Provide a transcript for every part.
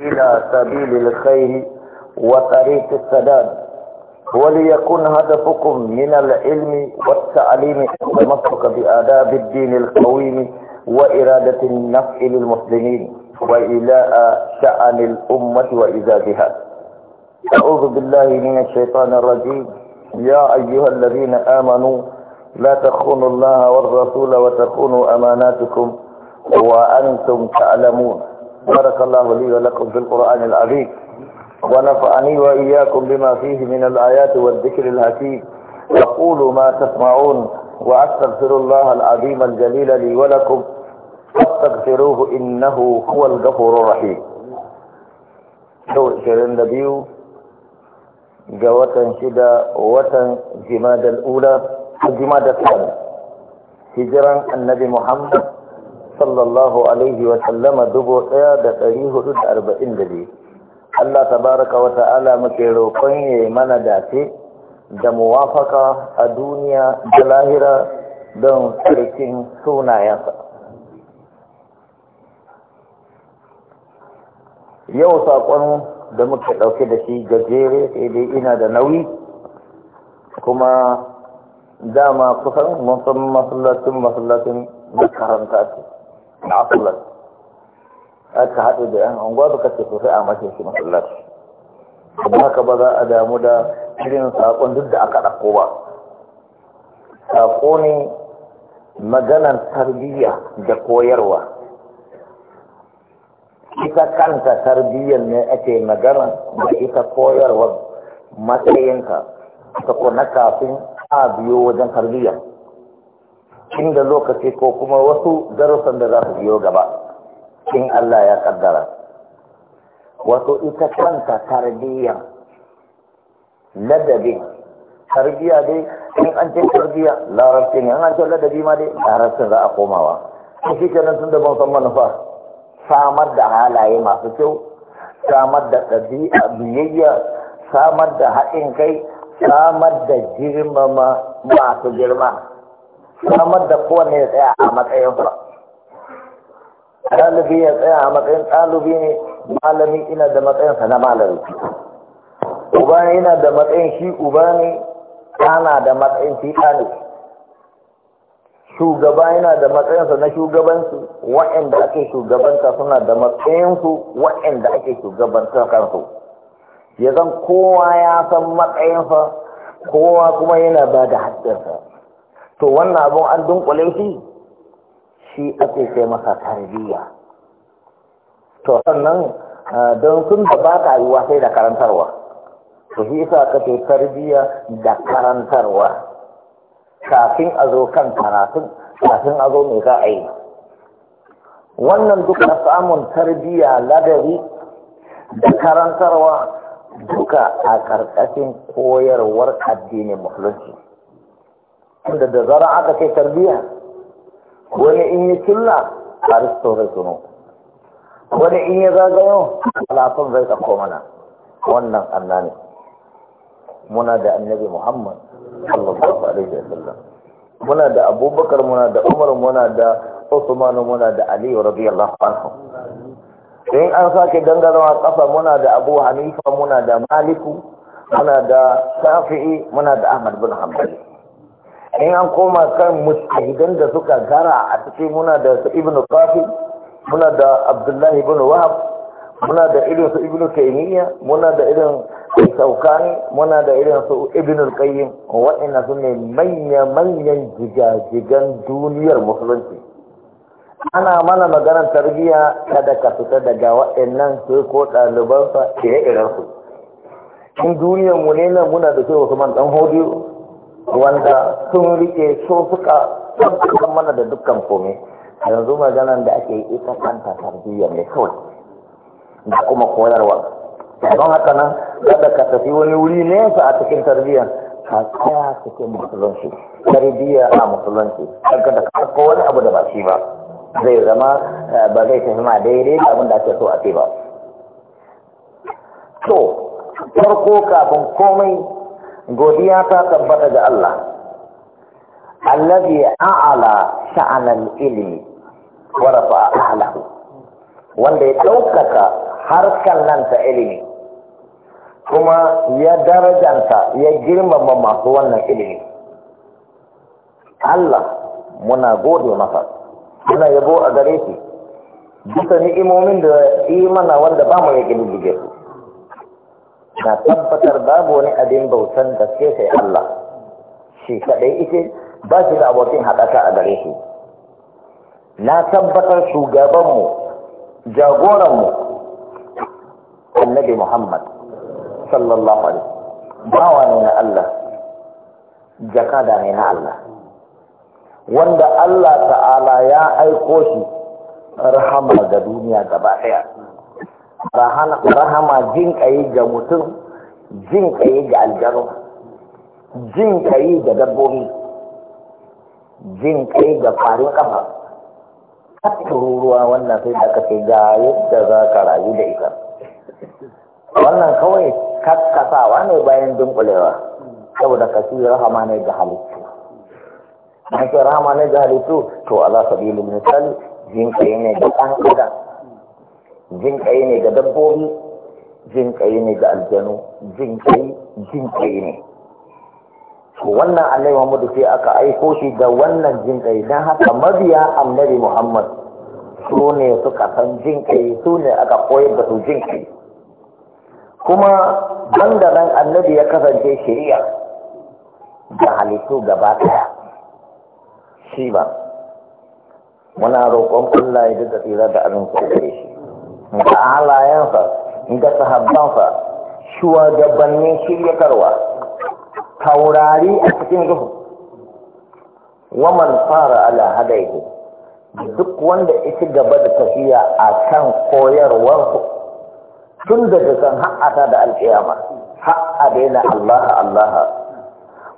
إلى سبيل الخير وطريق السداد وليكن هدفكم من العلم والتعليم التمسك بآداب الدين القويم وإرادة النفع للمسلمين وإلاء شأن الأمة وإزادها أعوذ بالله من الشيطان الرجيم يا أيها الذين آمنوا لا تخونوا الله والرسول وتخونوا أماناتكم وأنتم تعلمون بارك الله لي ولكم في القرآن العظيم ونفعني وإياكم بما فيه من الآيات والذكر الحكيم وقولوا ما تسمعون وأستغفر الله العظيم الجليل لي ولكم فاستغفروه إنه هو الغفور الرحيم شو شرين لبيو جواتن شدا وتن جماد الأولى الجماد الثاني هجرا النبي محمد sallallahu alaihi wa sallama dubu ɗaya da ɗari hudu da arba'in da biyu Allah tabaraka wa ta'ala muke roƙon ya yi mana dace da muwafaka a duniya da lahira don sarkin sunayensa yau saƙon da muke ɗauke da shi gajere sai dai ina da nauyi kuma dama kusan masallacin masallacin karanta ce na aka haɗu da yan anguwa suka ce sosai a mace shi ba ba haka ba za a damu da irin saƙon duk da aka ɗauko ba saƙo ne maganar tarbiyya da koyarwa ita kanta tarbiyyar ne ake magana da ita koyarwa matsayinka ta kuna kafin a biyo wajen tarbiyyar inda lokaci ko kuma wasu darussan da za su biyo gaba in Allah ya kaddara wato ita kanta tarbiyya ladabi tarbiyya dai in an ce tarbiyya larabcin ne in an ce ladabi ma dai larabcin za a komawa in shi kenan sun da ban manufa samar da halaye masu kyau samar da ɗabi'a biyayya samar da haɗin kai samar da girmama masu girma samar da kowanne ya tsaya a matsayin ba. ɗalibi ya tsaya a matsayin ɗalibi ne malami ina da matsayinsa na malami uba yana da matsayin shi uba ne ana da matsayin shi ɗa ne shugaba yana da matsayinsa na shugabansu wa'inda ake shugabanta suna da matsayinsu wa'inda ake shugabanta kansu ya zan kowa ya san matsayinsa kowa kuma yana ba da haƙƙinsa to wannan abun an dunkule shi shi ake kai masa tarbiyya to sannan don sun da ba ta yiwa sai da karantarwa to shi isa ka ce tarbiyya da karantarwa kafin a zo kan karatun kafin a zo me za a yi wannan duk na samun tarbiyya ladari da karantarwa duka a ƙarƙashin koyarwar addinin musulunci wanda da zara aka kai tarbiyya wani in yi killa a risto zai tuno wani in yi zagayo alafin zai tsakko mana wannan allah ne muna da annabi muhammad sallallahu alaihi wa sallam muna da abubakar muna da umar muna da usman muna da aliyu radiyallahu anhu in an sake dangarawa kafa muna da abu hanifa muna da maliku muna da shafi'i muna da ahmad bin hanbali in an koma kan mustahidan da suka gara a cikin muna da su ibn qafi muna da abdullahi ibn wahab muna da irin su ibn taymiya muna da irin saukani muna da irin su ibn qayyim wa'annan su ne manya manyan jigajigan duniyar musulunci ana mana maganar tarbiyya kada ka fita daga wa'annan sai ko ɗalibansa ire su in duniyar mu ne nan muna da su wasu man ɗan hodiyo wanda sun rike so suka tabbatar mana da dukkan komai yanzu maganan da ake ita kanta tarbiyya mai kawai da kuma koyarwa don haka nan kada ka tafi wani wuri nesa a cikin tarbiyya ka tsaya cikin musulunci tarbiyya a musulunci kanka da karko wani abu da ba shi ba zai zama eh, ba zai tafi ma daidai da abin da ake so a ce ba to farko kafin komai godiya ta tabbata ga Allah allazi a'ala sha'anan ilimi wa rafa'a ahlahu wanda ya ɗaukaka harkar nan ta ilimi kuma ya darajanta ya girmama masu wannan ilimi Allah muna gode masa muna yabo a gare shi bisa ni'imomin da imana wanda ba mu ya giddige na tabbatar babu wani abin bautan da ke sai Allah shi kadai ita ba shi da abokin haɗaka a gare shi na tabbatar shugabanmu jagoranmu annabi Muhammad sallallahu alaihi bawa ne na Allah jakada ne na Allah wanda Allah ta'ala ya aiko shi rahama ga duniya gaba ɗaya rahama jin kayi ga mutum jin kayi ga aljaru, jin kayi ga dabbobi jin kayi ga farin kafa ruwa wannan sai da aka ce ga yadda za ka rayu da ita wannan kawai kakkasawa ne bayan dunkulewa saboda ka ci rahama ne ga halittu an ce rahama ne ga halittu to ala sabilin misali jin kayi ne ga ɗan adam jin ne ga dabbobi jin ne ga aljanu jin kai ne to wannan annabi Muhammad sai aka aiko shi da wannan jin kai dan haka mabiya annabi Muhammad su ne suka san jin su ne aka koyar da su jin kuma banda nan annabi ya kasance shari'a da halittu gaba daya shi ba muna roƙon Allah ya duka tsira da abin kwaikwaye shi ga halayensa ga sahabbansa shugabannin karwa taurari a cikin zuhu. waman fara ala hadaihi duk wanda ita gaba da tafiya a kan koyarwarsu tun da dukan ha'ata da alƙiyama ha'a daina Allah Allah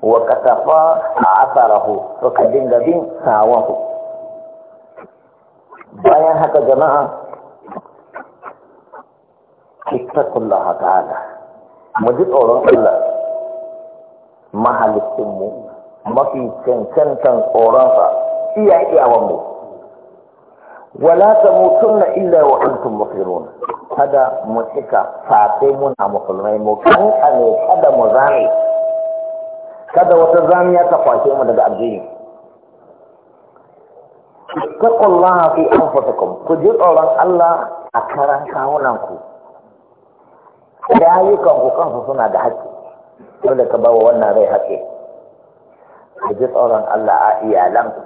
wa katafa a asarahu suka dinga bin sawansu bayan haka jama'a ittaqullah ta'ala mu ji tsoron Allah mahalicin mu mafi cancantan tsoronsa iya iyawan mu wala na illa wa antum mafirun kada mu cika fafe muna musulmai mu kankane kada mu zame kada wata zamiya ta kwashe mu daga addini ittaqullaha fi anfusikum ku ji tsoron Allah a karan kawunanku ku rayukan ku kansu suna da haƙƙi dole ka bawa wannan rai haƙƙi ku ji tsoron Allah a iyalanku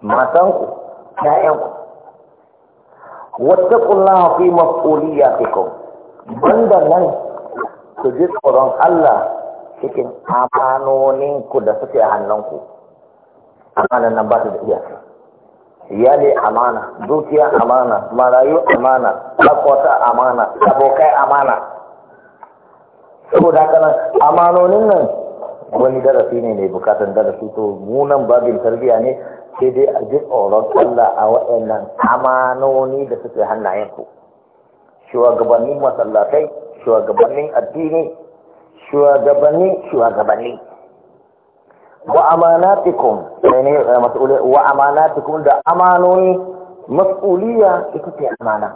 matanku ƴaƴanku wattaqullaha fi mas'uliyatikum banda nan ku ji tsoron Allah cikin amanoninku da suke hannunku amanan nan ba su da iyaka iyali amana dukiya amana marayu amana akwata amana abokai amana saboda haka nan amanonin nan wani darasi ne mai bukatan darasi to munan babin tarbiyya ne sai dai a ji tsoron Allah a waɗannan amanoni da suke hannayenku shugabannin masallatai shugabannin addini shugabanni shugabanni wa amanatikum ne eh, mas'uliyya wa amanatikum da amanoni mas'uliyya ita ce amana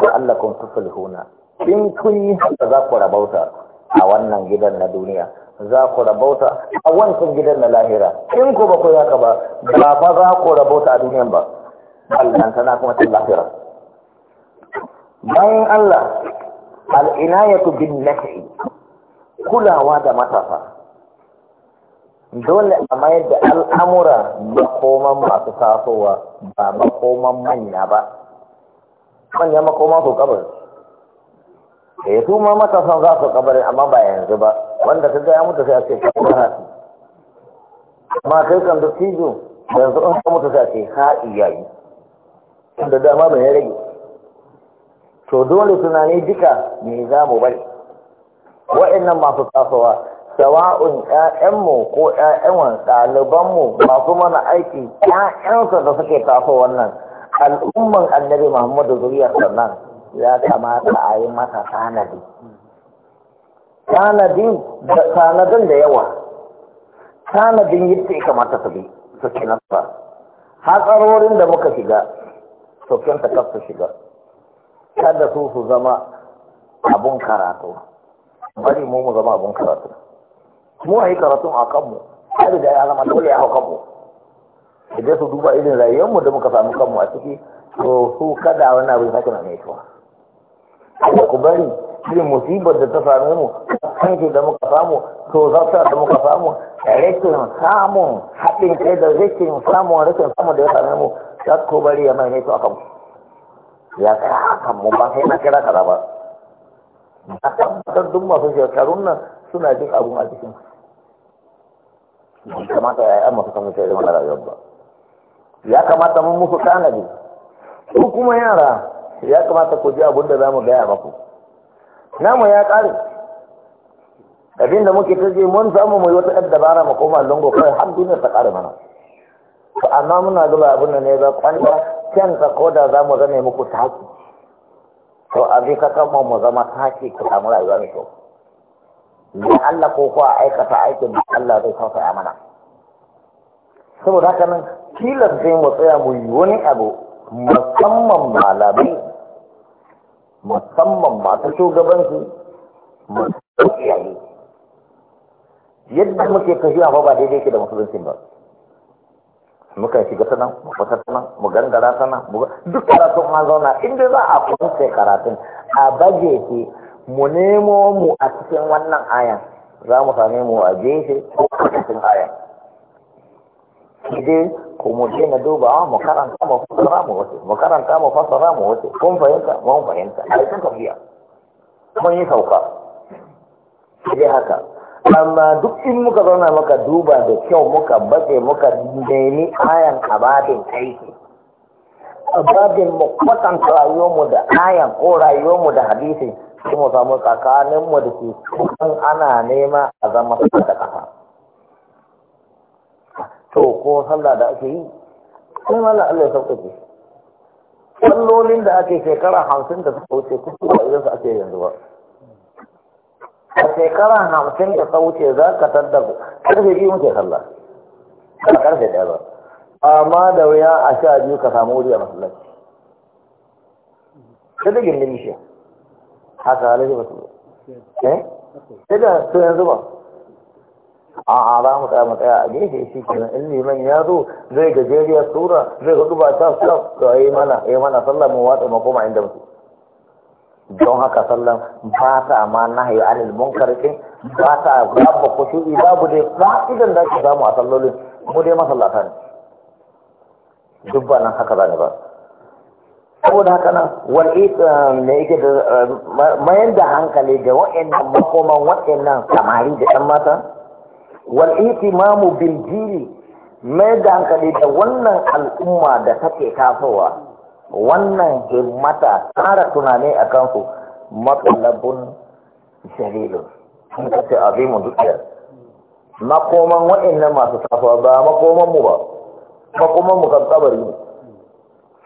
da Allah kun tuflihuna in kun yi haka za ku rabauta a wannan gidan na duniya za ku rabauta a wancan gidan na lahira in ku ba ku yaka ba ba fa za ku rabauta a duniyan ba Allah tana kuma cin lahira bayan Allah al'inayatu bin nafi kulawa da matasa dole a mayar da al'amura koman masu tasowa ba makoman manya ba manya makoma su kabar da ya tuma matasan za su kabarin amma ba yanzu ba wanda ta gaya mutu sai a ce kabara amma kai kan duk tijo yanzu in ka mutu sai a ce ha iyayi da dama ba ya rage to dole tunani duka me za mu bari wa'annan masu tasowa sawa'un ƴaƴanmu ko ƴaƴan ɗalibanmu masu mana aiki ƴaƴansa da suke taso wannan al'umman annabi muhammadu zuriyar sannan ya kamata a yi masa tanadi tanadin da tanadin da yawa tanadin yadda ya kamata su bi su ci nasa hatsarorin da muka shiga su ta kaf su shiga kada su su zama abun karatu bari mu mu zama abun karatu mu a yi karatun a kanmu har da ya zama dole ya hau kanmu idan su duba irin rayuwarmu da muka samu kanmu a ciki to su kada wani abin sake na naituwa da ku bari irin musibar da ta same mu kanki da muka samu to za ta da muka samu rikin samun haɗin kai da rikin samun rikin samun da ya same mu za ku bari ya mai naituwa kanmu ya tsaya a kanmu ba sai na kira kaza ba a tabbatar duk masu shekarun nan suna jin abun a jikinsu kamata ya yi masu kasance irin wannan rayuwar ba ya kamata mun musu tanadi su kuma yara ya kamata ku ji abin da za mu gaya maku namu ya ƙare abin da muke taje mun samu mu yi wata ɗan dabara mu koma lungo kai har duniya ta ƙare mana to amma muna zuba abin da ne ba kwanta can ka koda za mu zame muku taki to abin ka kama mu zama taki ku samu rayuwa mai kyau Idan Allah ko kuwa aikata aikin da Allah zai a mana saboda haka nan tilas sai mu tsaya mu yi wani abu musamman malamai musamman masu shugabansu musamman iyaye yadda muke tafiya fa ba daidai ke da musulunci ba muka shiga ta mu fita ta mu gangara sana, mu duk karatun ma zauna in za a kwance karatun a baje mu nemo mu a cikin wannan ayan za mu same mu a gefe ko a cikin ayan dai ko mu duba a mu karanta mu fasara mu wace mu karanta mu fasara mu wace kun fahimta mun fahimta ai kun tafiya mun yi sauka dai haka amma duk in muka zauna muka duba da kyau muka batse muka nemi ayan abadin aiki abadin mu kwatanta rayuwarmu da ayan ko rayuwarmu da hadisi kuma samu mu da ke kusan ana nema a zama da ƙasa to ko sallah da ake yi sai mallan Allah ya sauƙaƙe sallolin da ake shekara hamsin da suka wuce kuma ba idan su ake yanzu ba a shekara hamsin da suka wuce za ka tattar karfe biyu muke sallah ba karfe ɗaya ba amma da wuya a sha biyu ka samu wuri a masallaci sai da gindin shi haka halaye ba eh sai da su yanzu ba a ara za mu tsaya mu tsaya a gefe shi kuma in liman ya zo zai gajeriyar tura, zai hudu ba ta su to yi mana yi mana sallah mu watsa ma koma inda muke don haka sallan ba ta ma yi anil mun karfe, ba ta babu khushu'i babu dai idan da ke samu a sallolin mu dai masallata ne duk ba nan haka za ba saboda haka nan wani da yake da mayan da hankali da wa'annan makoman wa'annan samari da ɗan mata wal'iti mamu bin jiri mai da hankali da wannan al'umma da take tasowa wannan himmata tsara tunani a kansu matsalabun sharilun sun kace azimun dukiyar makoman wa'annan masu tasowa ba makoman mu ba makoman mu kan tsabari ne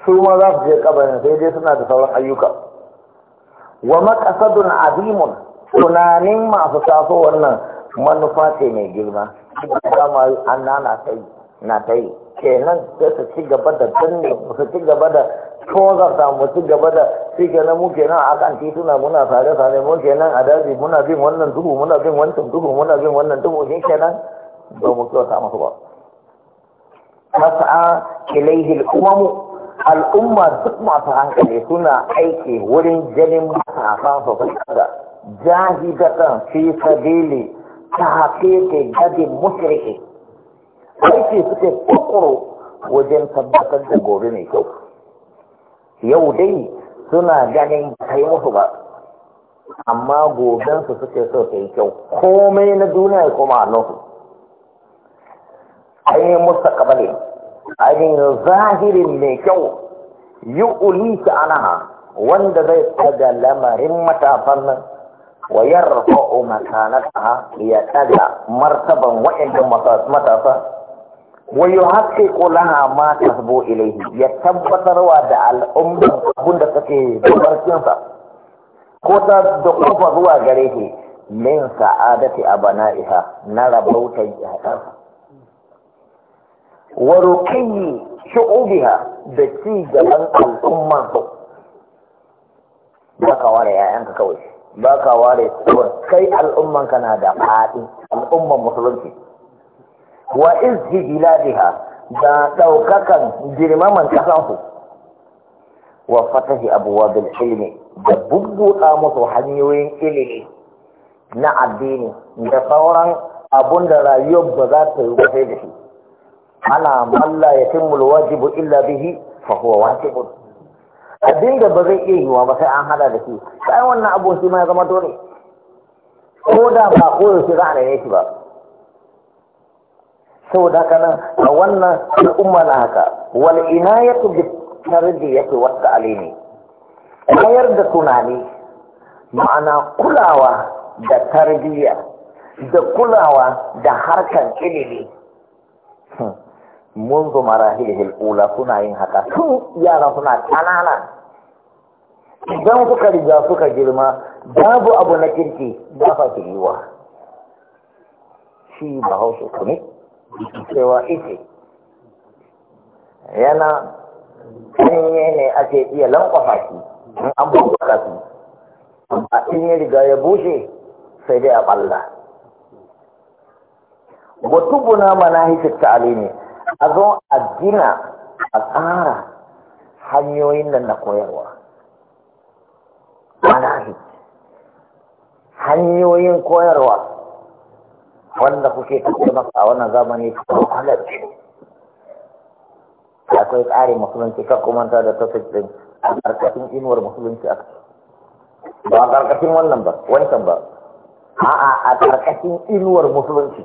su ma za su je kabarin sai dai suna da sauran ayyuka wa maqasadun azimun tunanin masu taso wannan manufa ce mai girma kama an na ta na ta yi kenan sai su ci gaba da danne su ci gaba da da mu ci gaba da shi kenan mu kenan a kan tituna muna sare sare mu kenan a daji muna bin wannan duhu muna bin wancan duhu muna bin wannan duhu shi kenan ba mu kyauta masu ba mas'a ilaihi al'umamu al'umma duk masu hankali suna aiki wurin ganin matasan su da jahidatan fi sabili ta haƙiƙe gadi mushriki aiki suke kokoro wajen tabbatar da gobe mai kyau yau dai suna ganin kai musu ba amma su suke so ta yi kyau komai na duniya ya koma a nufi ainihin musta kabalin abin zahirin mai kyau yi ulita anaha wanda zai taga lamarin matafan nan wa yarfa'u makanataha ya tsaga martaban wa'annan matafa wa haske laha ma tasbu ya tabbatarwa da al'ummar abin da take barkin ko ta da kofa zuwa gare shi min sa'adati bana'iha na rabautan ƙarfa wa ruqayyi shu'ubiha da ci gaban al'umma ba ka ware 'ya'yanka kawai ba ka ware tsohon kai al'umman ka na da faɗi al'umman musulunci wa izhi biladiha da ɗaukakan girmaman ƙasansu wa fatahi abuwa bil ilmi da bubbuɗa musu hanyoyin ilimi na addini da sauran abun da rayuwar ba za ta yi ba sai da shi ala malla ya timmul wajibu illa bihi fa huwa abin da ba zai iya yiwa ba sai an hada da shi sai wannan abu shi ma ya zama dole ko da ba ko shi za a neme shi ba saboda haka nan a wannan al'umma na haka wal inayatu bi tarbiyati wa ta'limi koyar da tunani ma'ana kulawa da tarbiyya da kulawa da harkan ilimi hmm. منذ مراحله الأولى سنة ينهكا سو يارا سنة كنانا idan suka riga suka girma babu abu na kirki ba fa kiriwa shi ba hausa kuma cewa ike yana sanye ne ake iya lankwafa shi an bambaka su amma in ya riga ya bushe sai dai a balla wa tubuna manahijat ta'alimi a zo a gina a tsara hanyoyin nan na koyarwa manahi hanyoyin koyarwa wanda kuke kuke maka a wannan zamani kwalar ce akwai tsarin musulunci ka ta da ta din a ƙarƙashin inuwar musulunci aka ba a ƙarƙashin wannan ba wancan ba a'a a ƙarƙashin inuwar musulunci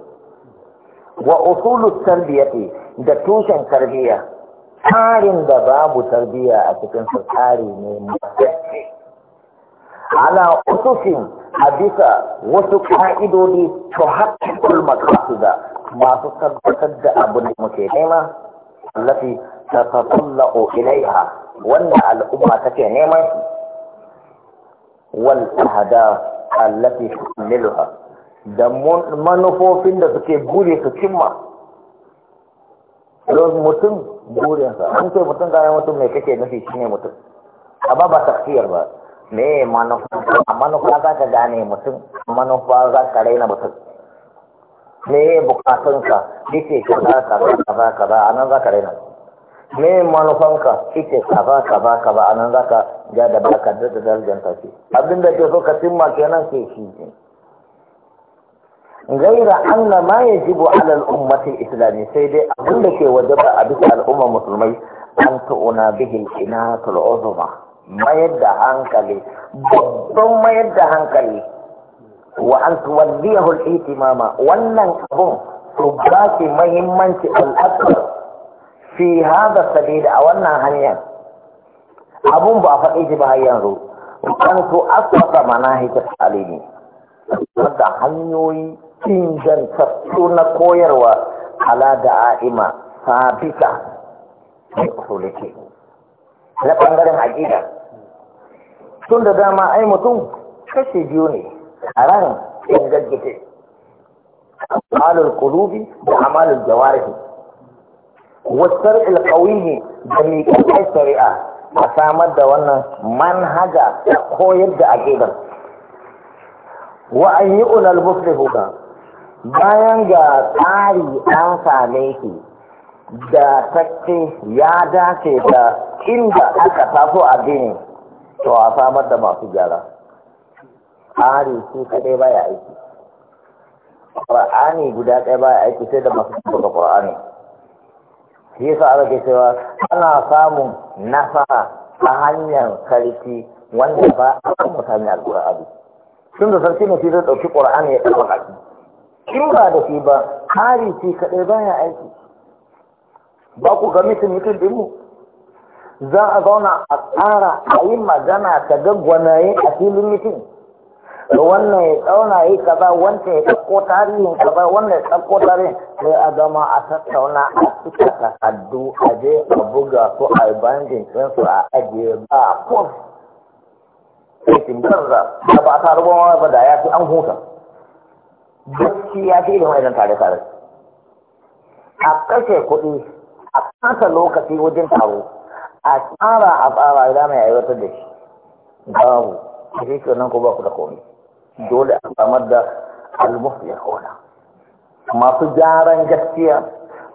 وأصول التربية ده توشن تربية تارين ده باب تربية أتكن ستاري من على أسس حديثة وسقائد دي تحقق المقاصد ما تصدق أبو المكينيمة التي تتطلع إليها وأن الأمة تكينيمة والأهداف التي تحملها da manufofin da suke gure su cimma don mutum sa. an ce mutum gane mutum mai kake nufi shi ne mutum amma ba tafiyar ba me manufa a manufa za ka gane mutum manufa za ka raina mutum me bukatunka yake kaza kaza kaza kaza a nan za ka raina me manufanka yake kaza kaza kaza a nan za ka ja da baka da darjanta Abin abinda ke so ka cimma kenan ke shi ne gaira anna ma yajibu ala al-ummati al-islami sai dai abin da ke wajaba a bisa al'umma musulmai an tu'una bihi al-inatul uzma mayar da hankali babban mayar da hankali wa an tuwaddiyahu al-ihtimama wannan abun to ba muhimmanci al fi hada sabil a wannan hanyar abun faɗi har yanzu an to asfata manahij al hanyoyi ingantattu na koyarwa ala da'a'ima sabita mai usulike na ɓangaren aƙida tun da dama ai mutum kashe biyu ne a ran gaggite amalul kulubi da amalul jawarihi wasar ilkawihi da miƙaƙƙen shari'a a samar da wannan manhaja koyar da aƙidar wa an yi unal ga bayan ga tsari an same shi da takke ya dace da inda aka taso a gini to a samar da masu gyara tsari su ba baya aiki ƙur'ani guda ɗaya baya aiki sai da masu daga ƙur'ani shi yasa aka ke cewa ana samun nasara ta hanyar karfi wanda ba a kan mutane alƙur'ani. ƙurani tun da sarki ne zai ɗauki ƙur'ani ya ɗauka kira ba da shi ba hari ce kaɗai baya aiki ba ku ga mutum mutum dinmu za a zauna a ƙara a yi magana ta gaggwanaye a filin mutum wannan ya tsauna yi kaza wancan ya ɗauko tarihin kaza wannan ya ɗauko tarihin sai a gama a tattauna a cika takardu a je a buga su a yi ɗinsu a ajiye ba a kuma sai kin garza ba a ba da ya fi an huta bacci ya fi irin idan tare tare a kashe kuɗi a ƙasa lokaci wajen taro a tsara a tsara idan mai aiwatar da shi babu a shi nan ko ba ku da komai dole a samar da almusu ya kona masu gyaran gaskiya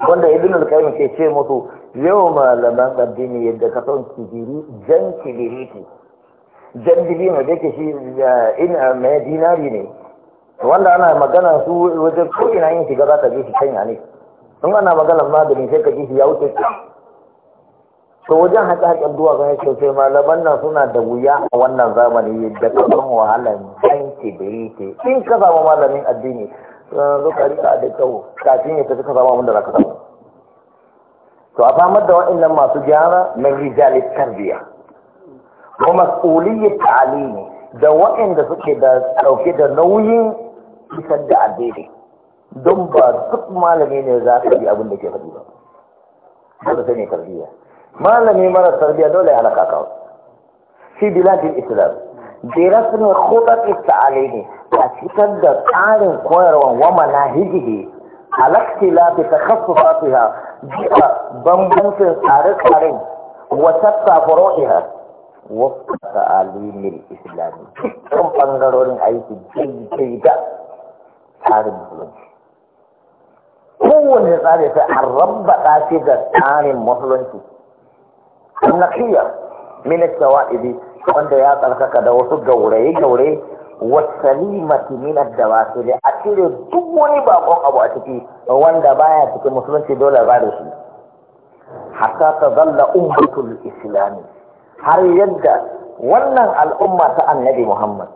wanda ya al ke ce musu yau malaman addini yadda ka son kibiri jan ke jan ne da ke shi eh, ina eh, mai dinari ne wanda ana magana su wajen ko ina yin shiga za ka ji shi canya ne in ana magana magani sai ka ji shi ya wuce to wajen haƙe duwa ga ya sai malaman nan suna da wuya a wannan zamani da wahala wahalar yanke da yake in ka samu malamin addini zo ka rika da kyau kafin ya tafi ka samu abin da za ka samu to a samar da wa'annan masu gyara na rijalis tarbiya kuma mas'uliyyar ta'alimi da waɗanda suke da ɗauke da nauyin isar da addini don ba duk malami ne za ka bi abin da ke faɗi ba dole sai ne tarbiyya malami mara tarbiyya dole ya halaka kawo shi biladin islam jira su ne khutat ista'ali ne a cikin da tsarin koyarwa wa manahijihi kasu fi takassufatiha jiya bambancin tsare-tsaren wa iya wasu ta'alimin islami dukkan ɓangarorin aiki daidai da tsarin musulunci kowane tsari sai an rabbaɗa shi da tsarin musulunci annakiya min shawa'idi wanda ya tsarkaka da wasu gauraye gauraye wasalimati min da dawasili a cire duk wani bakon abu a ciki wanda baya cikin musulunci dole ba da shi hatta ta zalla ummatul islami har yadda wannan al'umma ta annabi muhammad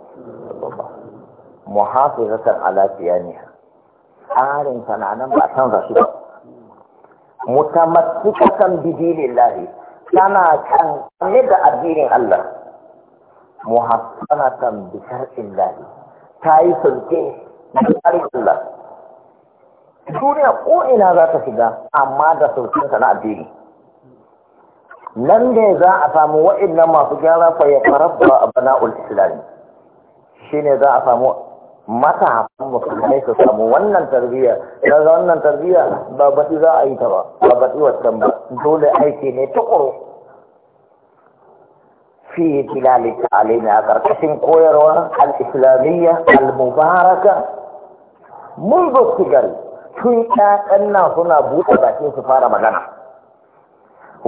muhafizatan ala ne tsarin sananan ba san rasu ba mutamattikatan bidinillahi tana kan ne da addinin Allah kan bi illahi ta yi sulke da tsarin Allah duniya ko ina za ta shiga amma da sulkin na addini nan ne za a samu wa'annan masu gyara fa ya farabba a bana'ul islami ne za a samu mata matasan musulmai ka samu wannan tarbiya daga wannan tarbiya ba bati za a yi ta ba ba bati wannan ba dole aiki ne tukuru fi tilali alaina karkashin koyarwa al-islamiyya al-mubaraka mun zo sigari tun ƴaƴan nan suna buɗe bakin su fara magana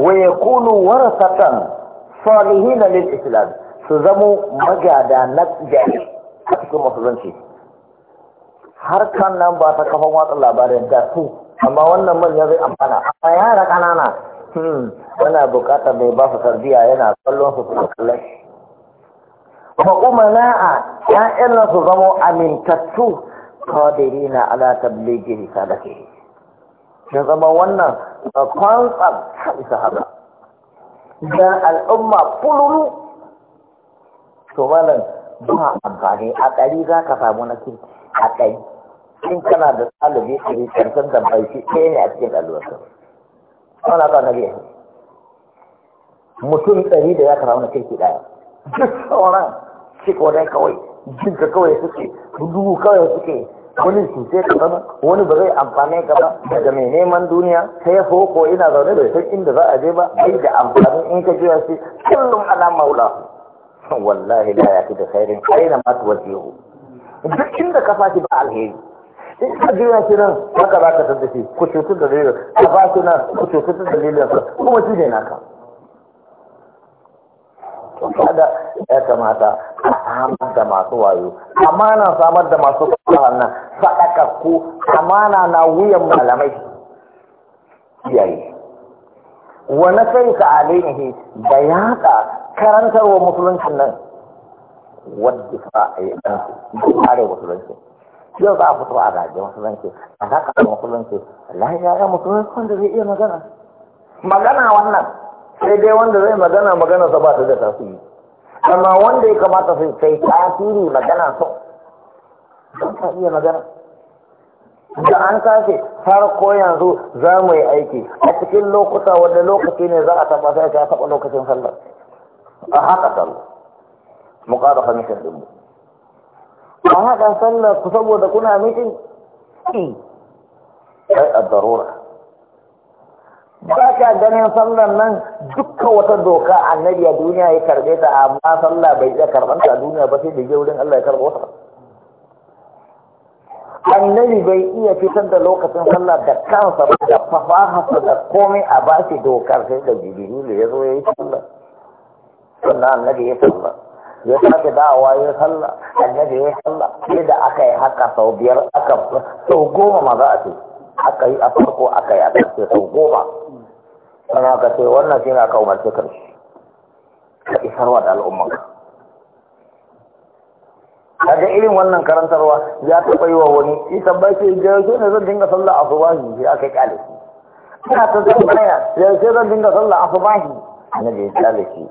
wa yakunu warasatan salihin lil islam su zamo magada na gari a cikin zanci harkan nan ba ta kafan watsa labarin da su amma wannan manya zai amfana amma yara kanana hmm yana bukatar mai ba su tarbiya yana kallon su su kallon wa a ya'yan nan su zamo amintattu na ala tablighi risalatihi ya zama wannan kwantsar ta isa haka dan al'umma fululu to malam ba amfani a ɗari za ka samu na kirki a kai in kana da ɗalibi a karshen da bai shi ɗaya ne a cikin ɗalibarsa wani ba na biyu mutum ɗari da ya kara wani kirki ɗaya duk sauran shi kodai kawai jinka kawai suke dubu kawai suke wani cuce ka ba wani ba zai amfane ka ba daga mai neman duniya sai ya ko ina zaune bai san inda za a je ba ai da amfani in ka jiya shi kullum ala maula wallahi la fi da khairin aina ma tuwajjihu duk inda ka fashi ba alheri in ka jira shi nan haka ba ka shi ku cutu da dalilin ka ba shi nan ku cutu da dalilin kuma shi ne naka kada ya kamata a samar da masu wayo amana samar da masu kwanan nan ko amana na wuyan malamai yayi wa na sai ka alaihi bayaka karantarwa musulunci nan wadda fa a yi ɗansu duk kare musulunci yau za a fito a rage musulunci a haka da musulunci lafiya ya musulunci wanda zai iya magana magana wannan sai dai wanda zai magana magana sa ba ta da tasiri amma wanda ya kamata sai sai tasiri magana so don ka iya magana da an tashi farko yanzu za mu yi aiki a cikin lokuta wanda lokaci ne za a tabbatar sai ka taɓa lokacin sallar a haka sallar mu ƙara fahimtar ɗin mu a haɗa sallar ku saboda kuna mitin hmm. ai a darura ba ka ganin sallar nan duka wata doka annabi a duniya ya karbe ta amma sallah bai iya karɓar ta a duniya ba sai da je wurin Allah ya karba wata annabi bai iya fitar da lokacin sallah da kansa ba da fafahasa da komai a ba shi dokar sai da jibrilu ya zo ya yi sallah sannan annabi ya sallah ya sake dawa ya sallah annabi ya sallah sai da aka yi haka sau biyar aka sau goma ma za a ce aka yi a farko aka yi a ƙarshe sau goma sannan aka ce wannan shi ne aka umarce karshe ka isarwa da al'ummanka kaga irin wannan karantarwa ya taɓa yi wa wani isa ba ke jawo ne zan dinga sallah a subahi sai aka kyale shi ina ta zan baya sai zan dinga sallah a subahi annabi ya kyale shi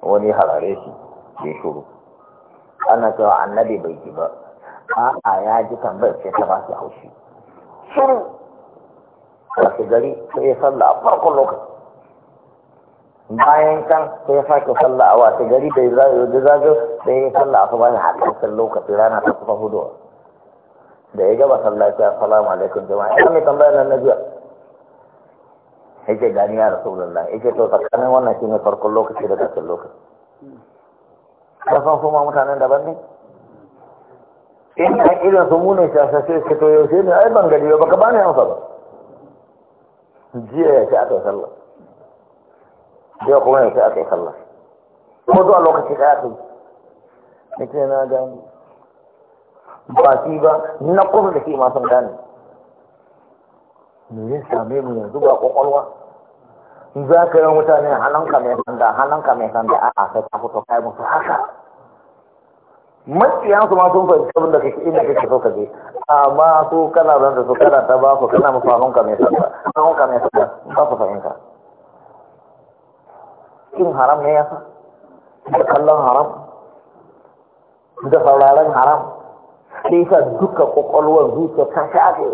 wani harare shi ya shuru ana cewa annabi bai ji ba a'a ya ji tambayar sai ta ba shi haushi a wasu gari sai ya sallah a farkon lokaci bayan kan sai ya sake salla a wasu gari da ya zazo sai ya salla a bayan haƙaƙin lokaci rana ta kuma hudu da ya gaba sallah sai salamu alaikum jama'a ina mai tambayar nan na biya yake gani ya rasulullah yake to tsakanin wannan shine farkon lokaci da ƙarshen lokaci kasan su ma mutanen daban ne in an irin su mu ne shasashe su to yaushe ne ai ban gari ba ka bani amsa ba jiya ya ce aka yi sallah jiya kuma ya ce aka yi sallah ko zuwa lokaci ka aka yi nake na gani ba shi ba na kusa da shi ma sun gane me ya same mu yanzu ba kwakwalwa za ka yi mutane hannunka mai sanda hannunka mai sanda a'a sai ta fito kai musu haka su ma sun fahimci abin da kake inda kake so ka je amma su kana zan da su kana ta ba su kana musu hannunka mai kana hannunka mai sanda ba su fahimta cin haram ne yasa da kallon haram da sauraron haram sai sa duka kwakwalwar zuciya ta shafe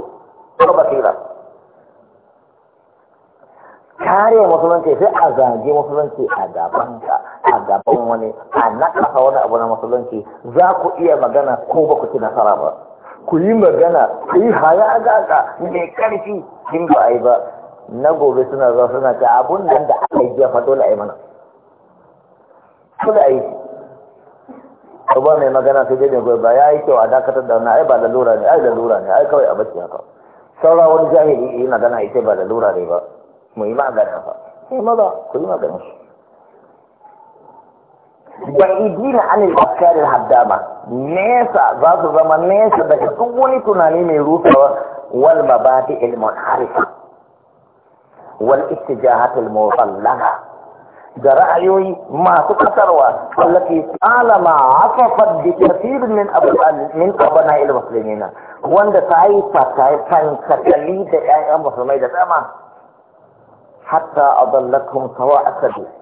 ko basira kare musulunci sai a zage musulunci a gabanka gaban wani a nakasa wani abu na musulunci za ku iya magana ko ba ku ci nasara ba ku yi magana ku yi haya gaga mai karfi Kin ba a yi ba na gobe suna zuwa suna ta abun nan da aka yi jefa dole a yi mana dole a ko ba mai magana sai dai mai goyi ba ya yi kyau a dakatar da wani ai ba lalura ne ai lalura ne ai kawai a bace haka saura wani jahili yi magana ita ce ba lalura ne ba mu yi magana fa sai maza ku yi magana shi بعيدين عن الافكار الهدامه نيسا ذات زمان نيسا daga duk wani tunani mai rusawa wal mabadi al munharifa wal ittijahat al musallaha da ra'ayoyi masu kasarwa allati talama asafat bi kathir min abdan min abana al muslimina wanda ta yi fata kan kakali da ƴaƴan musulmai da dama hatta adallakum sawa'a sabil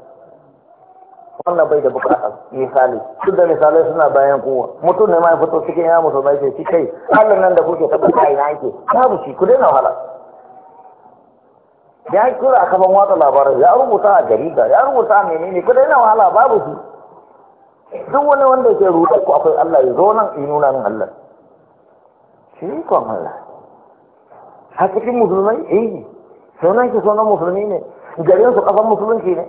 wannan bai da bukata misali duk da misalai suna bayan kowa mutum ne ma ya fito cikin ya mutu mai sai kai halin nan da kuke taɓa kai na yake babu shi ku daina wahala ya yi kura a kafan watsa labarai ya rubuta a jarida ya rubuta a menene ku daina wahala babu shi duk wani wanda ke ruɗa ku akwai Allah ya zo nan in nuna min Allah shi kwan Allah a cikin musulmai eh sunan ki sunan musulmi ne garin su kafan musulunci ne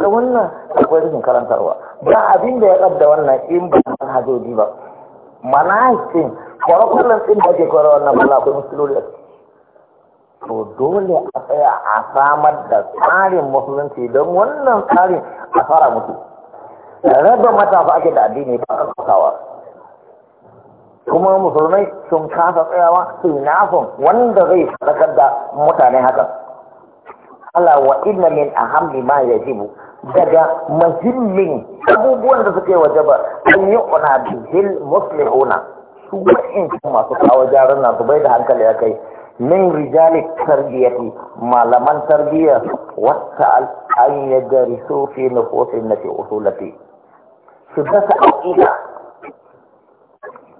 ta wannan akwai rikin karantarwa ba abin da ya tsabda wannan in ba manhajoji ba Mana manhajin kwarakwaran tsin da ke kwarar wannan ba akwai musuloli a to dole a tsaya a samar da tsarin musulunci don wannan tsarin a fara musu raba matafa ake da addini ba a kasawa kuma musulmai sun kasa tsayawa su nafin wanda zai sadakar da mutane haka Allah wa inna min ahammi ma yajibu daga muhimmin abubuwan da suke waje ba an yi una bihil muslihuna su wa'in masu kawo jarin na su bai da hankali ya kai min rijalik tarbiyyati malaman tarbiyya wata an ya gari so fi nufosin na fi usulati su dasa aƙida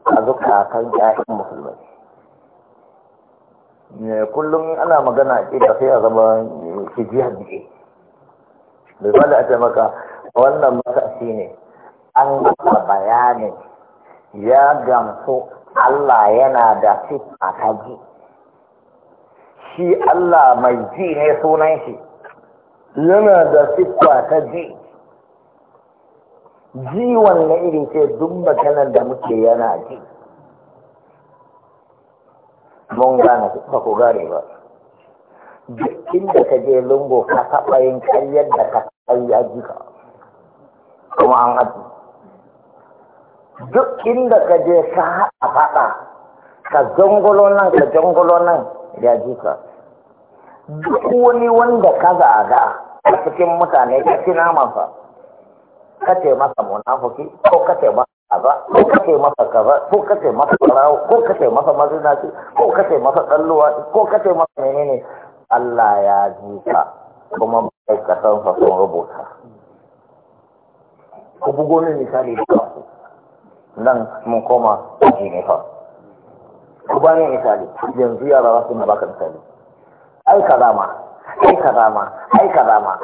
a zukatan musulmai eh, kullum ana magana aƙida sai a zama shi eh, jihar bai wanda a maka wannan matashi ne an masa bayanin ya gamsu Allah yana da fita ta ji shi Allah mai ji ne sunan shi yana da fita ta ji ji wanne iri ce duk maganar da muke yana ji mun gane ba ku gane ba duk da ka je lungo ka taɓa yin karyar da ka tsayi a jika kuma an haɗu duk inda ka je ka haɗa faɗa ka jangolo nan ka jangolo nan ya jika duk wani wanda ka za a a cikin mutane ka ci namansa ka ce masa munafuki ko ka ce masa kaza ko ka ce masa kaza ko ka ce masa ko ka ce masa mazinaci ko ka ce masa ɗalluwa ko ka ce masa menene Allah ya ji ka kuma ma'aikatansa sun rubuta ku bugo ne misali da kanku nan mun koma ji ne fa ku ba ne misali yanzu yara za su na baka misali ai ka dama, ai ka dama, ai ka dama.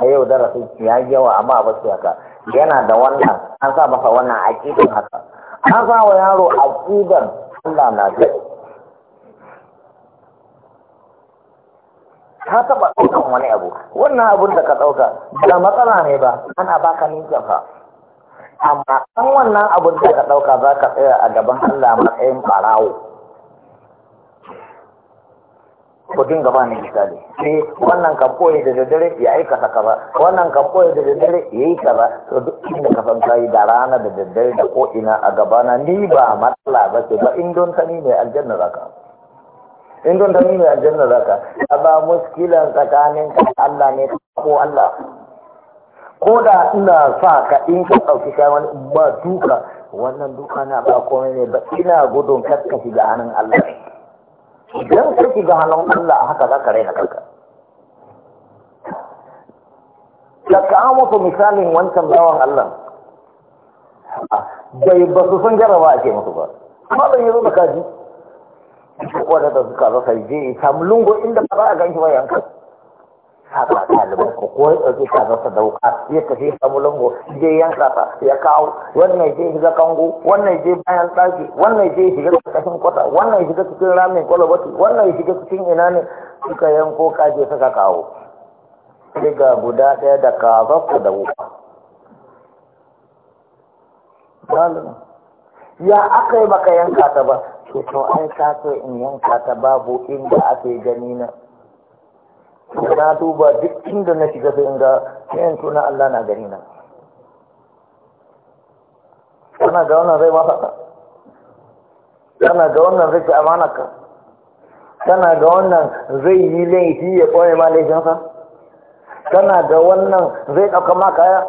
a yau darasin ya yi yawa amma a basu haka yana da wannan an sa masa wannan aƙidan haka an sa wa yaro aƙidan Allah na da ka taɓa ɗaukan wani abu wannan abun da ka ɗauka da matsala ne ba ana baka ninkin fa amma kan wannan abun da ka ɗauka za ka tsaya a gaban Allah matsayin ɓarawo Ko din gaba ni misali sai eh, wannan kan koyi da daddare ya aikata kaza wannan kan koyi da daddare ya yi kaza to duk inda ka san kai da rana da daddare da ko ina a gabana ni ba matsala ba ce ba in don ta ni ne aljanna zaka in don da nuna aljanna ka a ba muskilan tsakanin ka Allah ne ko Allah ko da ina sa ka in ka ɗauki kai wani ba duka wannan duka na ba komai ne ba ina gudun kar ka shiga hannun Allah ne idan ka shiga hannun Allah haka za ka raina kanka da ka an misalin wancan bawan Allah bai ba su san jarawa ake musu ba amma ban yi zo da kaji duk da suka rasa je samu lungo inda ba za a ganki ba yanka haka ɗaliban ko ko ya ɗauki kaza sa dauka ya tafi samu lungo je yanka sa ya kawo wannan je shiga kango wannan je bayan ɗaki wannan je shiga ƙarƙashin kwata wannan shiga cikin ramin kwalabati wannan shiga cikin ina ne suka yanko ka je suka kawo diga guda ɗaya da kaza ku da wuka ya aka yi baka yanka ta ba ce to ai ka so in yanka ta babu inda ake gani na na duba duk inda na shiga sai in ga tuna Allah na gani na kana ga wannan zai masa kana ga wannan zai ci amana ka kana ga wannan zai yi laifi ya koya ma laifinsa kana ga wannan zai ɗauka ma kaya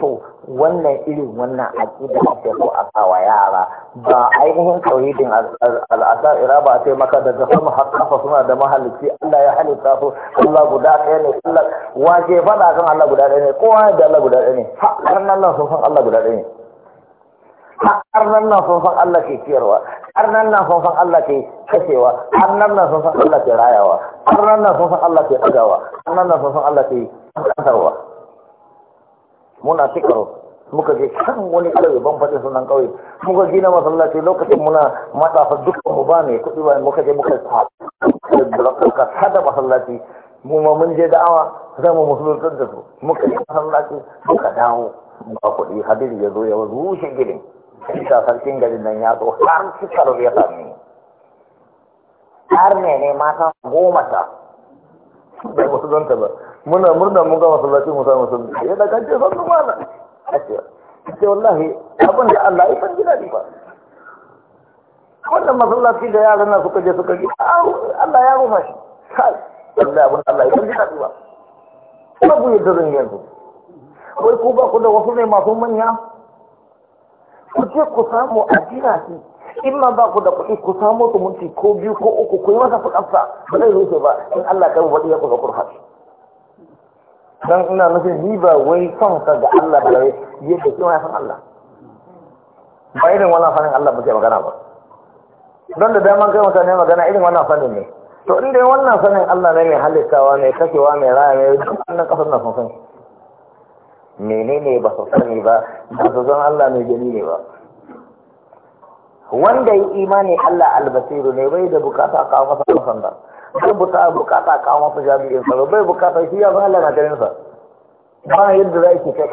to wannan irin wannan aƙida ake so a sawa yara ba ainihin tauhidin al'asa'ira ba a ce maka daga sama har kafa suna da mahalicci Allah ya halitta su Allah guda ɗaya ne Allah waje faɗa kan Allah guda ɗaya ne kowa da Allah guda ɗaya ne har nan nan sun san Allah guda ɗaya ne har nan nan sun san Allah ke ciyarwa har nan nan sun san Allah ke kashewa har nan nan sun san Allah ke rayawa har nan nan sun san Allah ke ɗagawa har nan nan sun san Allah ke ƙasarwa muna tikaro muka je kan wani kawai ban faɗi sunan kawai muka gina masallaci lokacin muna matafa dukkan mu ba mai kuɗi ba muka je muka kwaɗa sada masallaci mu ma mun je da'awa za mu musuluntar da su muka yi masallaci muka dawo ba kuɗi hadiri ya zo ya rushe gidan ta sarkin garin nan ya zo har cikar ya sami har ne ne mata goma ta da wasu zanta ba muna murna mun ga masallaci mu samu sun ya daga ce sun mana ce wallahi abin da Allah ya san gida ne ba wannan masallaci da yaran na suka je suka gida Allah ya rufa shi kai wallahi abin Allah ya san gida ne ba kuma yadda zan yanzu wai ku ba ku da wasu ne masu manya ku ce ku samu a gida in ma ba ku da kuɗi ku samo su mutu, ko biyu ko uku ku yi masa fukarsa ba zai rufe ba in Allah kan waɗi ya kusa kurfa dan ina nufin ni ba wai son ka ga Allah ba ne yadda kuma ya san Allah ba irin wannan fannin Allah muke magana ba don da daman kai mutane magana irin wannan fannin ne to inda wannan fannin Allah ne mai halittawa mai kashewa mai raya mai duk wannan kasar na sun sani menene ba su sani ba ba su san Allah mai gani ne ba wanda yi imani Allah albasiru ne bai da bukata kawo masa masanda bai buta bukata kawo masa jami'in sa bai bukata shi ya zama lana ganin sa ba yadda za ki kai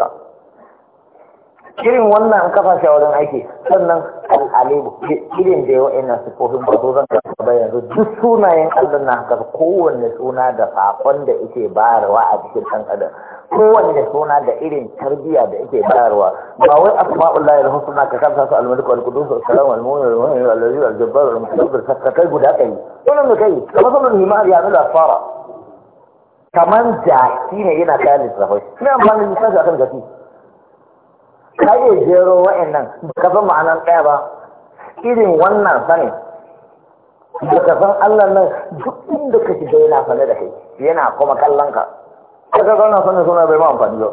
irin wannan kafa shi a wurin aiki sannan al'alibu irin da yawa ina sifofin ba zan karɓa ba yanzu duk sunayen allah na haka kowanne suna da sakon da ike bayarwa a cikin ɗan adam kowanne suna da irin tarbiyya da ike bayarwa ba wai asma'ullahi al-husna ka kamsa su al-malik al-qudus al-salam al-mu'min al-mu'min al-aziz al-jabbar al-mutakabbir kai guda kai wannan da kai kamar sunan himar ya nuna fara kamar jaki ne yana kayan littafai ina amfani da littafi akan gafi ka iya jero wa'annan ka san ma'anar ɗaya ba irin wannan sanin ka san Allah nan duk inda ka shiga yana sane da kai yana kuma kallon ka kaga zauna sanin suna bai ma amfani ba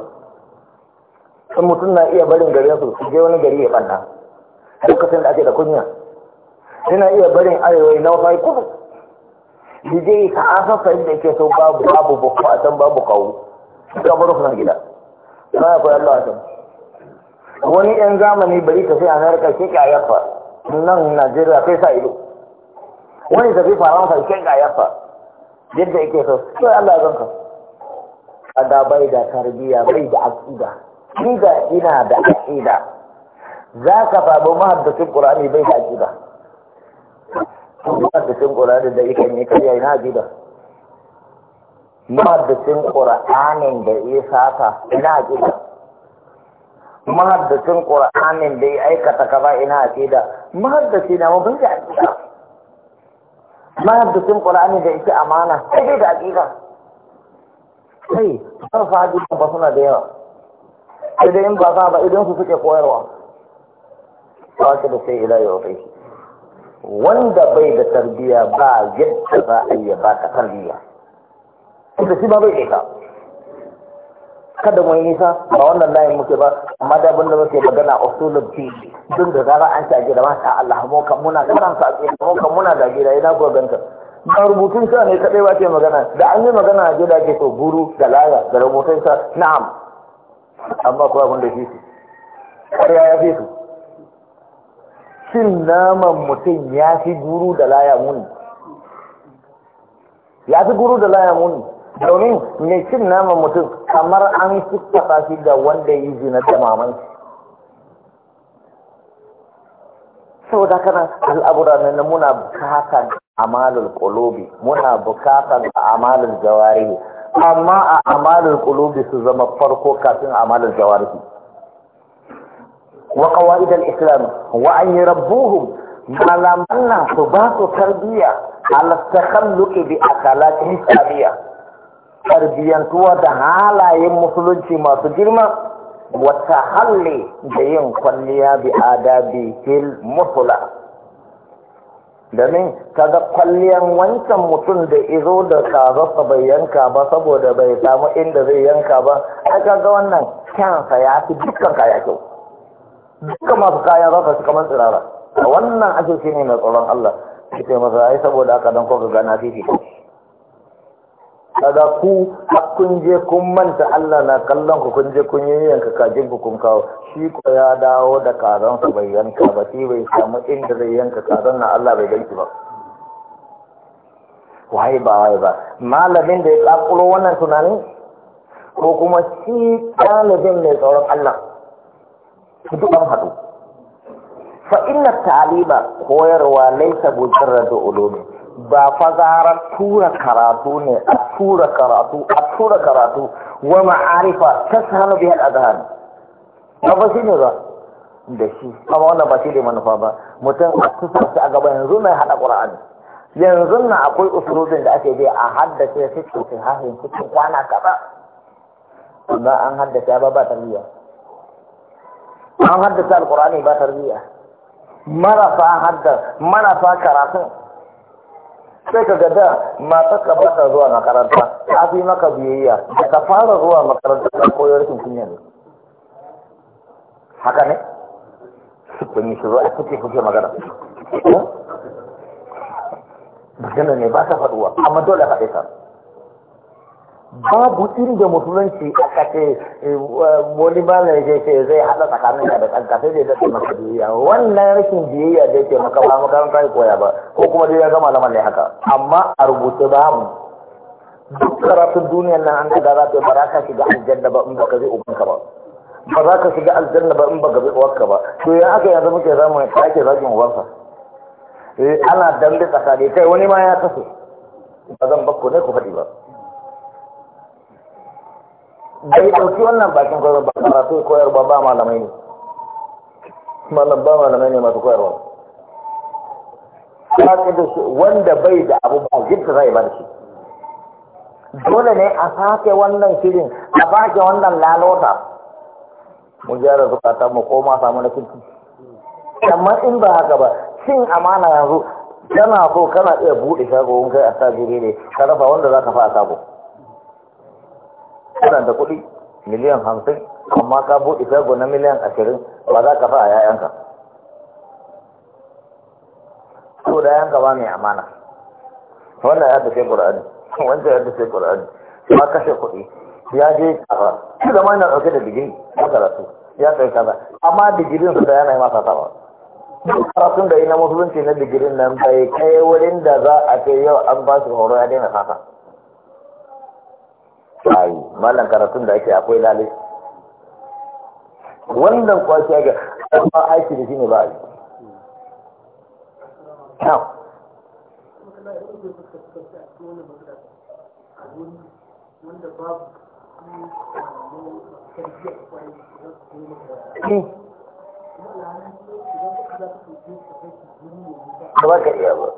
sun mutum na iya barin gari su su je wani gari ya banna lokacin da ake da kunya yana iya barin arewa na wasu kudu shi je ka an sassa inda yake so babu babu bukwa a can babu kawo ka bar suna gida na ya koyar da wasu wani yan zamani bari tafi amerika ke kayafa nan najeriya sai sa ido wani tafi faransa ke kayafa yadda yake so sai allah ya zanka kada bai da tarbiyya bai da aƙida ni ga ina da aƙida za ka faɗo mahaddacin ƙur'ani bai da aƙida mahaddacin ƙur'ani da ikan yi karya ina aƙida mahaddacin ƙura'anin da ya sata ina aƙida mahaddacin ƙur'anin da ya aikata ka ba ina aqida mahaddaci na mun da aqida mahaddacin ƙur'ani da ita amana sai dai da aqida Sai sarfa hadisin ba suna da yawa sai dai in ba za ba idan su suke koyarwa ba su da sai ila yau kai wanda bai da tarbiyya ba yadda za a yi ba ka tarbiyya da shi ba bai ɗaya kada mu yi nisa ba wannan layin muke ba amma da abinda muke magana usulul fi duk da zara an tage da masha Allah mu kan muna karanta a cikin mu kan muna da gida ina ko ganta ba rubutun sa ne kadai ba ke magana da an yi magana a gida ke so guru da laya da rubutun sa na'am amma kuwa abin da shi su ƙarya ya fi su shin naman mutum ya fi guru da laya muni ya fi guru da laya muni domin mai cin nama mutum kamar an siffata shi da wanda ya yi zina da maman da kana al'abura na muna bukatan amalul qulubi muna bukatan amalul jawari, amma a amalul qulubi su zama farko kafin amalul jawari wa qawaid islam wa an yarabbuhum malaman nan su ba su tarbiyya kan takhalluqi bi akalati islamiyya tarbiyantuwa da halayen musulunci masu girma wata halle da yin kwalliya bi adabi fil musula domin kaga kwalliyan wancan mutum da izo da kazarsa bai yanka ba saboda bai samu inda zai yanka ba a kaga wannan kyansa ya fi dukkan kaya kyau dukkan masu kaya za su kamar tsirara wannan ake shi ne na tsoron Allah shi masa ai saboda aka don kuka gana fifi kada ku kun je kun manta Allah na kallon ku kun je kun yi yanka kajin ku kun kawo shi ko ya dawo da karon sa bai yanka ba shi bai samu inda zai yanka karon na Allah bai ganki ba wai ba wai ba malamin da ya kakuro wannan tunanin ko kuma shi ɗalibin mai tsoron Allah duk an haɗu fa inna ta'alima koyarwa laysa mujarradu ulumi ba fa zarar tura karatu ne a tura karatu a tura karatu wa ma'arifa ta sanu biya al'adhan ba ba shi ne ba da shi amma wannan ba shi ne manufa ba mutum a tusa shi a gaba yanzu mai haɗa ƙura'ani yanzu na akwai usulobin da ake biya a haddace su cikin hahin cikin kwana kaza amma an haddace ba ba tarbiyya an haddace alƙur'ani ba tarbiyya marasa haddar marasa karatun sai ka gada da ka ba zuwa makaranta a fi maka biyayya da ka fara zuwa makaranta ta koyar rashin kunya ne haka ne kun yi shiru a kuke kuke magana magana ne ba ta faduwa amma dole ka ɗaya babu inda musulunci a ce eh, wani malam ya ce zai haɗa tsakanin da tsanka sai zai dace maka biyayya wannan rashin biyayya da yake maka ba makaranta ya koya ba ko kuma dai ya ga malaman ne haka amma a rubuce ba mu duk karatun duniyar nan an kada za ta ba za ka shiga aljanna ba in ba ka zai ubanka ba ba za ka shiga aljanna ba in ba ka zai uwarka ba to ya haka yanzu muke zamu ya ake zagin uwarsa eh, ana dambe tsakani kai wani ma ya kasu ba zan bakko ne ku faɗi ba bai ɗauki wannan bakin koyar ba karatu koyar ba ba malamai ne malam ba malamai ne masu koyarwa wanda bai da abu ba gidda zai bar shi dole ne a sake wannan shirin a sake wannan lalota mu gyara zukata mu koma samu na kirki amma in ba haka ba cin amana yanzu kana so kana iya buɗe shagon kai a sa jirgin ne ka rafa wanda za ka fa a sabo Kuna da kuɗi miliyan hamsin amma ka buɗe shago na miliyan ashirin ba za ka fa a yayanka so da yanka ba mai amana wanda ya tafi ƙur'ani wancan ya tafi ƙur'ani ba kashe kuɗi ya je kafa shi zama yana ɗauke da digiri na karatu ya kai kaza amma digirin su da yana yi masa sawa duk karatun da yi na musulunci na digirin nan bai kai wurin da za a ce yau an ba shi horo ya daina sata ayi malam karatun da ake akwai lalai. wannan kwashi ga ba aiki da shi ne ba kyau eh. ba ka iya ba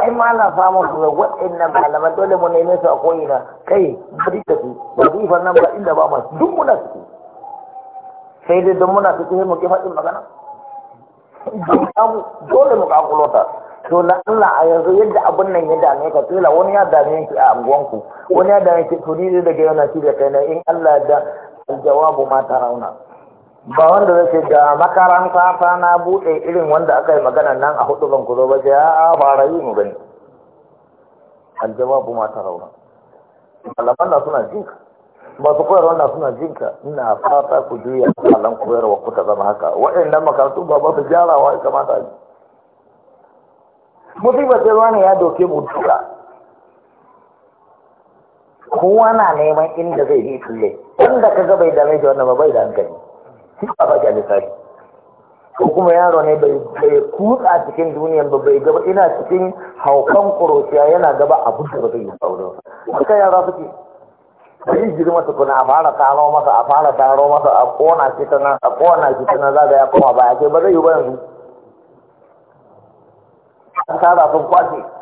ai ma na samun su da waɗannan malaman dole mu neme su a koyina kai bari ta su ba su ifar nan ba inda ba ma duk muna su sai dai don muna su ce mu kifa ɗin magana dole mu kakulo ta to na Allah a yanzu yadda abin nan ya dame ka tela wani ya dame ki a anguwanku wani ya dame ki to ni daga yana shi da kai na in Allah da aljawabu ma ta rauna ba wanda zai ce ga makaranta ta na buɗe irin wanda aka yi magana nan a hudu ban kuzo ba ce a fara yi mu gani aljawabu ma ta rauna malaman na suna jinka masu koyarwa na suna jinka ina fata ku juya malan koyarwa ku ta zama haka waɗannan makarantu ba ba su gyarawa ya kamata a yi musibar sai zuwa ne ya doke mu duka kowa na neman inda zai yi tulle inda ka gaba idanai da shi wannan ba bai da hankali shi a baka misali ko kuma yaro ne bai kutsa cikin duniyan ba bai gaba ina cikin haukan kurociya yana gaba abin da ba zai yi sauro haka yara suke bai girma tukuna a fara taro masa a fara taro masa a kona shi ta nan a kona shi ta nan za ya koma baya ce ba zai yi ba yanzu an tara sun kwashe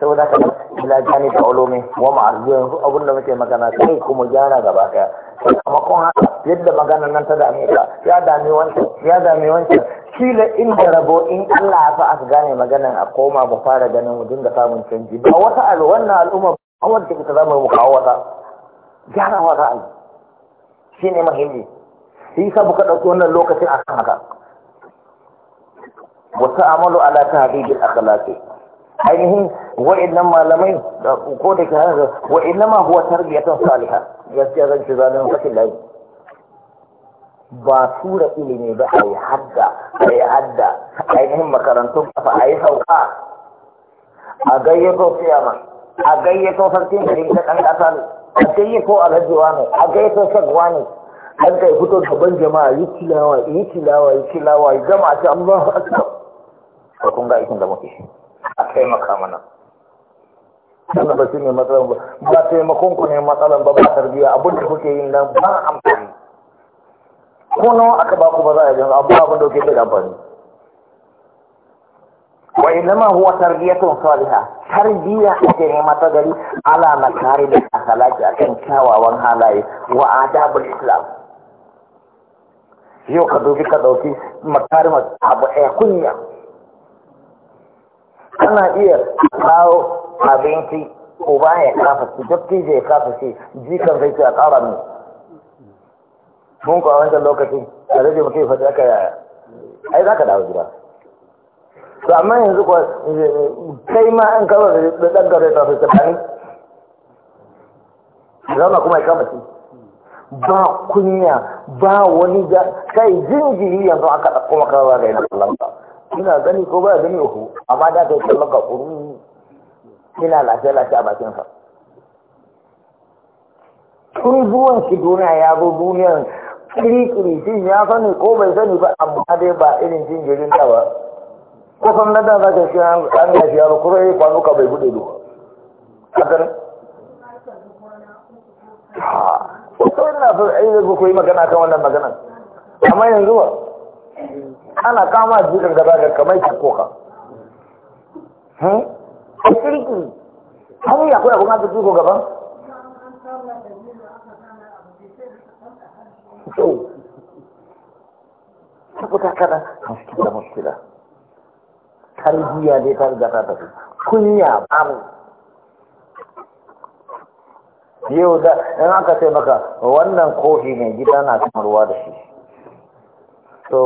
saboda haka ila jani da ulumi wa ma'arzu yanzu abin da muke magana kai kuma gyara gaba daya sakamakon haka yadda magana nan ta dame ka ya dame wancan ya dame wancan kila da rabo in Allah ya fa aka gane maganan a koma mu fara ganin mu dinga samun canji ba wata al wannan al'umma ba wanda take ta zama mu kawo wata gyara wata shi shine mahimmi shi yasa buka dauki wannan lokacin kan haka Wasu amalu ala tahdidil akhlaqi ainihin wa'annan malamai ko da ke hana wa'annan ma huwa tarbiyyatun saliha gaskiya zan ci zalin sakin layi ba su da ilimi ba a yi hadda a yi hadda ainihin makarantun kafa a yi sauka a gayyato siyama a gayyato sarkin da ta ɗan kasa ne a gayyato alhajiwa ne a gayyato shagwa ne an kai fito gaban jama'a yi tilawa yi tilawa yi tilawa yi gama ta Allah akbar ko kun ga ikin da muke a taimaka mana kana ba shi ne matsalan ba ba taimakon ku ne matsalan ba ba tarbiyya abin da kuke yin nan ba amfani ko nawa aka ba ku ba za a yi abu abin da kuke da amfani wa inama huwa tarbiyatun salihah tarbiyya ake nema ta gari ala makari da akhlaqi akan kyawawan halaye wa adabul islam yau ka dubi ka dauki makarimar abu ɗaya kunya ana iya kawo abinci ba ya kafa duk dattijo ya kafa shi jikan zai ce a kara mu mun kawo wancan lokacin a rage mutum faɗi aka yaya ai za ka dawo gida to amma yanzu ko kai ma an kawo da ɗan gare ta sai tsakani zauna kuma ya kama shi ba kunya ba wani ga kai jinjiri yanzu aka kuma makawa ga ina Allah ina gani ko ba gani uku amma da kai kallon ka kuru ina lafiya lafiya a bakin sa tun zuwan shi duniya ya zo duniyan kiri-kiri shin ya sani ko bai sani ba amma dai ba irin jinjirin da ba ko san nan da za ka shi an gashi yaro kuma yi kwano ka bai bude duka haka ha ko ina so ai da ku yi magana kan wannan maganan amma yanzu ba ana kama jirin gaba ga kamar ki koka a kirki har yi akwai ta masu kiko gaba saboda kada haske da muskila tarbiyya ne ta riga ta tafi kunya babu yau da in aka ce maka wannan kofi ne gida na kan ruwa da shi to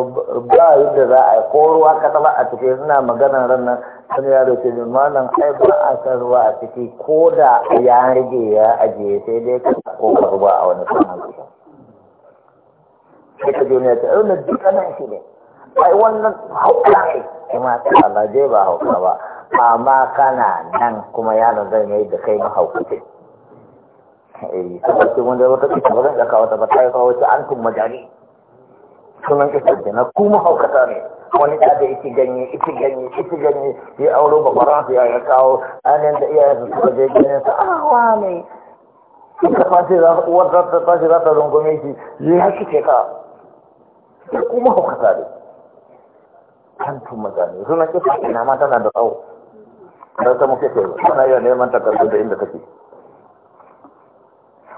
ba yadda za a yi ko ruwa ka taba a ciki suna magana ranar wani yaro ce min malam ai ba a san ruwa a ciki ko da ya rage ya ajiye sai dai ka ko ka ruwa a wani sanar kusa sai ka ji ta yi ai duka nan shi ne ai wannan hauka ne kuma ta Allah je ba hauka ba amma kana nan kuma yana zai mai da kai mahaukaci eh saboda wanda wata kuma da daka wata ba ta yi kawo ta antum majani sunan ke na kuma haukata ne wani ta da iti ganye iki ganye iki ganye ya auro babbaran su ya kawo ainihin da iya su suka je ganin sa a ah, wane ita fashe za ta uwar ta fashe za ta rungume shi ya haka ce ka kuma haukata ne kantu mutane sunan ke na ma tana da tsawo da ta muke ce suna yi neman takardun da inda take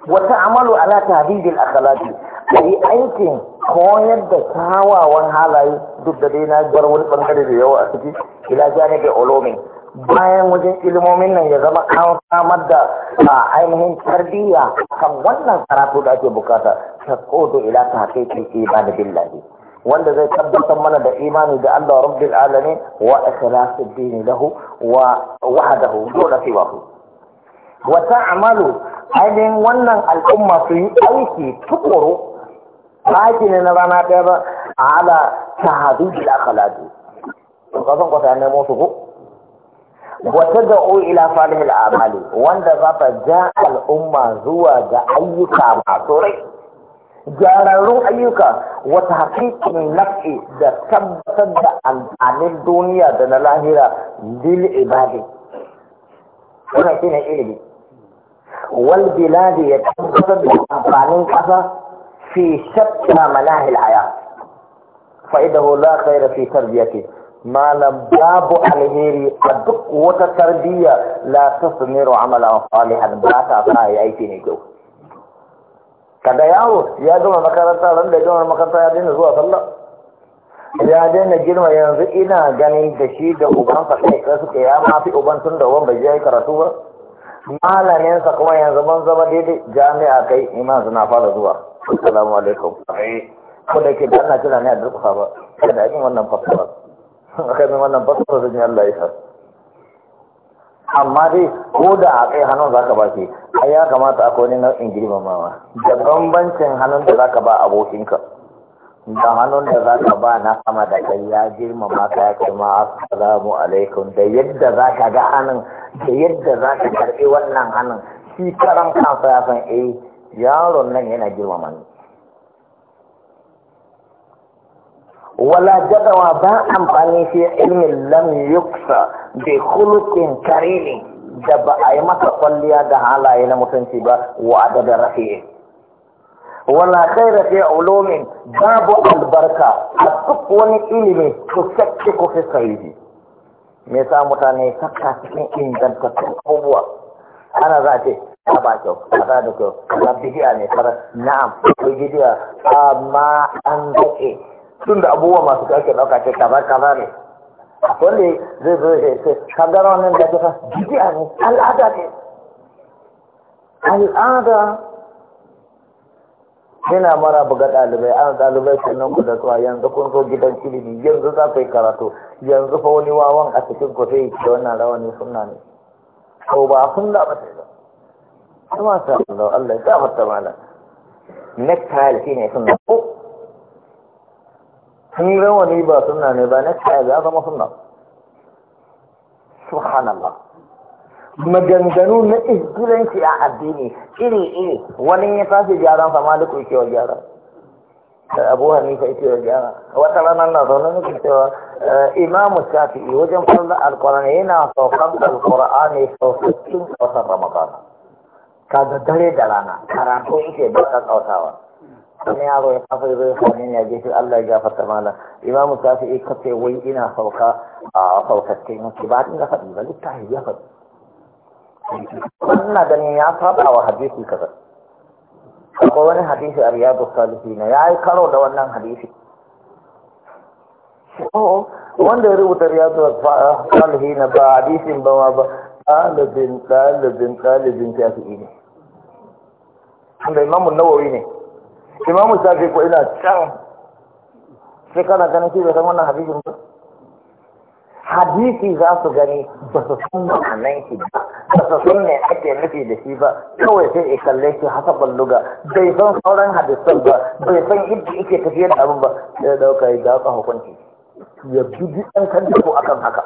wata amalu ala tahdidil akhlaqi ka yi aikin koyar da kyawawan halaye duk da dai na bar wani bangare da yawa a ciki ila da olomi bayan wajen ilimomin nan ya zama an samar da a ainihin tarbiyya kan wannan karatu da ake bukata ta kodo ila ta ba ibada billahi wanda zai tabbatar mana da imani da Allah rabbil alami wa ikhlasu dini lahu wa wahdahu dole sai wahu wa ta'malu ainihin wannan al'umma su yi aiki tukuru baki ne na rana ɗaya ba ala ta bil akhlaqi to kasan kwata ne mu su ko wata da'u ila salihil amali wanda za ta ja al'umma zuwa ga ayyuka masu rai gyararrun ayyuka wata hakikin nafi da tabbatar da amfanin duniya da na lahira lil ibadi wannan shine ilimi wal biladi ya tabbatar da amfanin ƙasa? في شتى مناهي الحياة فإنه لا خير في تربيته ما لم باب الهيري أدق وتتربية لا تثمر عملا صالحا باتا صاحي أي تنجو kada yawo ya gama makaranta ran da gama makaranta ya daina zuwa sallah ya daina girma yanzu ina ganin da shi da ubansa kai kai suke ya mafi uban tun da uban bai je karatu ba malaminsa kuma yanzu ban zama daidai jami'a kai iman suna fara zuwa assalamu alaikum ai ko da ke da jira ne a durkusa ba kada yin wannan fassara akai min wannan fassara zan Allah ya sa amma dai ko da a kai hannun za ka ba shi ai ya kamata akwai wani nau'in girmamawa da bambancin hannun da za ka ba abokinka da hannun da za ka ba na sama da kai ya ma ka ya kuma assalamu alaikum da yadda za ka ga hannun da yadda za ka karbi wannan hannun shi karan kansa ya san eh yaron nan yana girmama ni wala jadawa ba amfani fi ilmin lam yuksa bi khuluqin karimi da ba a yi masa kwalliya da halaye na mutunci ba wa adada rafi wala khaira fi ulumin babu albarka a duk wani ilimi to sakke ko fi sahihi me yasa mutane sakka cikin ingantattun abubuwa ana za a ce ta ba kyau a za da kyau ta bidiya ne fara na'am ko bidiya amma an zaƙe tun da abubuwa masu kyau ke ɗauka ce kaza kaza ne wanda zai zo ya ce kagara wannan da ke fa bidiya ne al'ada ne al'ada yana mara buga ɗalibai an ɗalibai sun nan da zuwa yanzu kun zo gidan ilimi yanzu za ku yi karatu yanzu fa wani wawan a cikin ku da wannan rawani sunna ne ko ba da ba sai ba kuma sa Allah Allah ya mata mana shi ne sunna ko sun rawani ba sunna ne ba necktie ya zama sunna subhanallah maganganu na izgilanci a addini iri-iri wani ya tashi gyaran fa maliku ke wa gyaran abu hanifa ita wa gyara wata ranar na zaune nake cewa imamu shafi'i wajen farla alkurani yana saukan alkurani saukakin kausar ramadan da dare da rana karatu ita ba ka kawasawa wani yaro ya kafa zai hannun ya gefe allah ya gafarta mala imamu shafi'i kafe wai ina sauka a saukakin yake ba ta da faɗi ba littafi ya faɗi wannan ganin ya saba wa hadisi kaza akwai wani hadisi a riyadu salihina ya yi karo da wannan hadisi oh, wanda ya rubuta riyadu salihina ba hadisin ba ma ba ɗalibin ɗalibin ɗalibin shafi'i ne wanda imamu nawawi ne imamu shafi ko ina can sai kana ganin shi bai san wannan hadisin ba hadisi za su gani ba su san ma'anan shi ba ba su san ne ake nufi da shi ba kawai sai ya kalle shi haka balluga bai san sauran hadisan ba bai san inda yake tafiyar da abin ba sai ya dauka ya dauka hukunci ya bi ɗan kan ko akan haka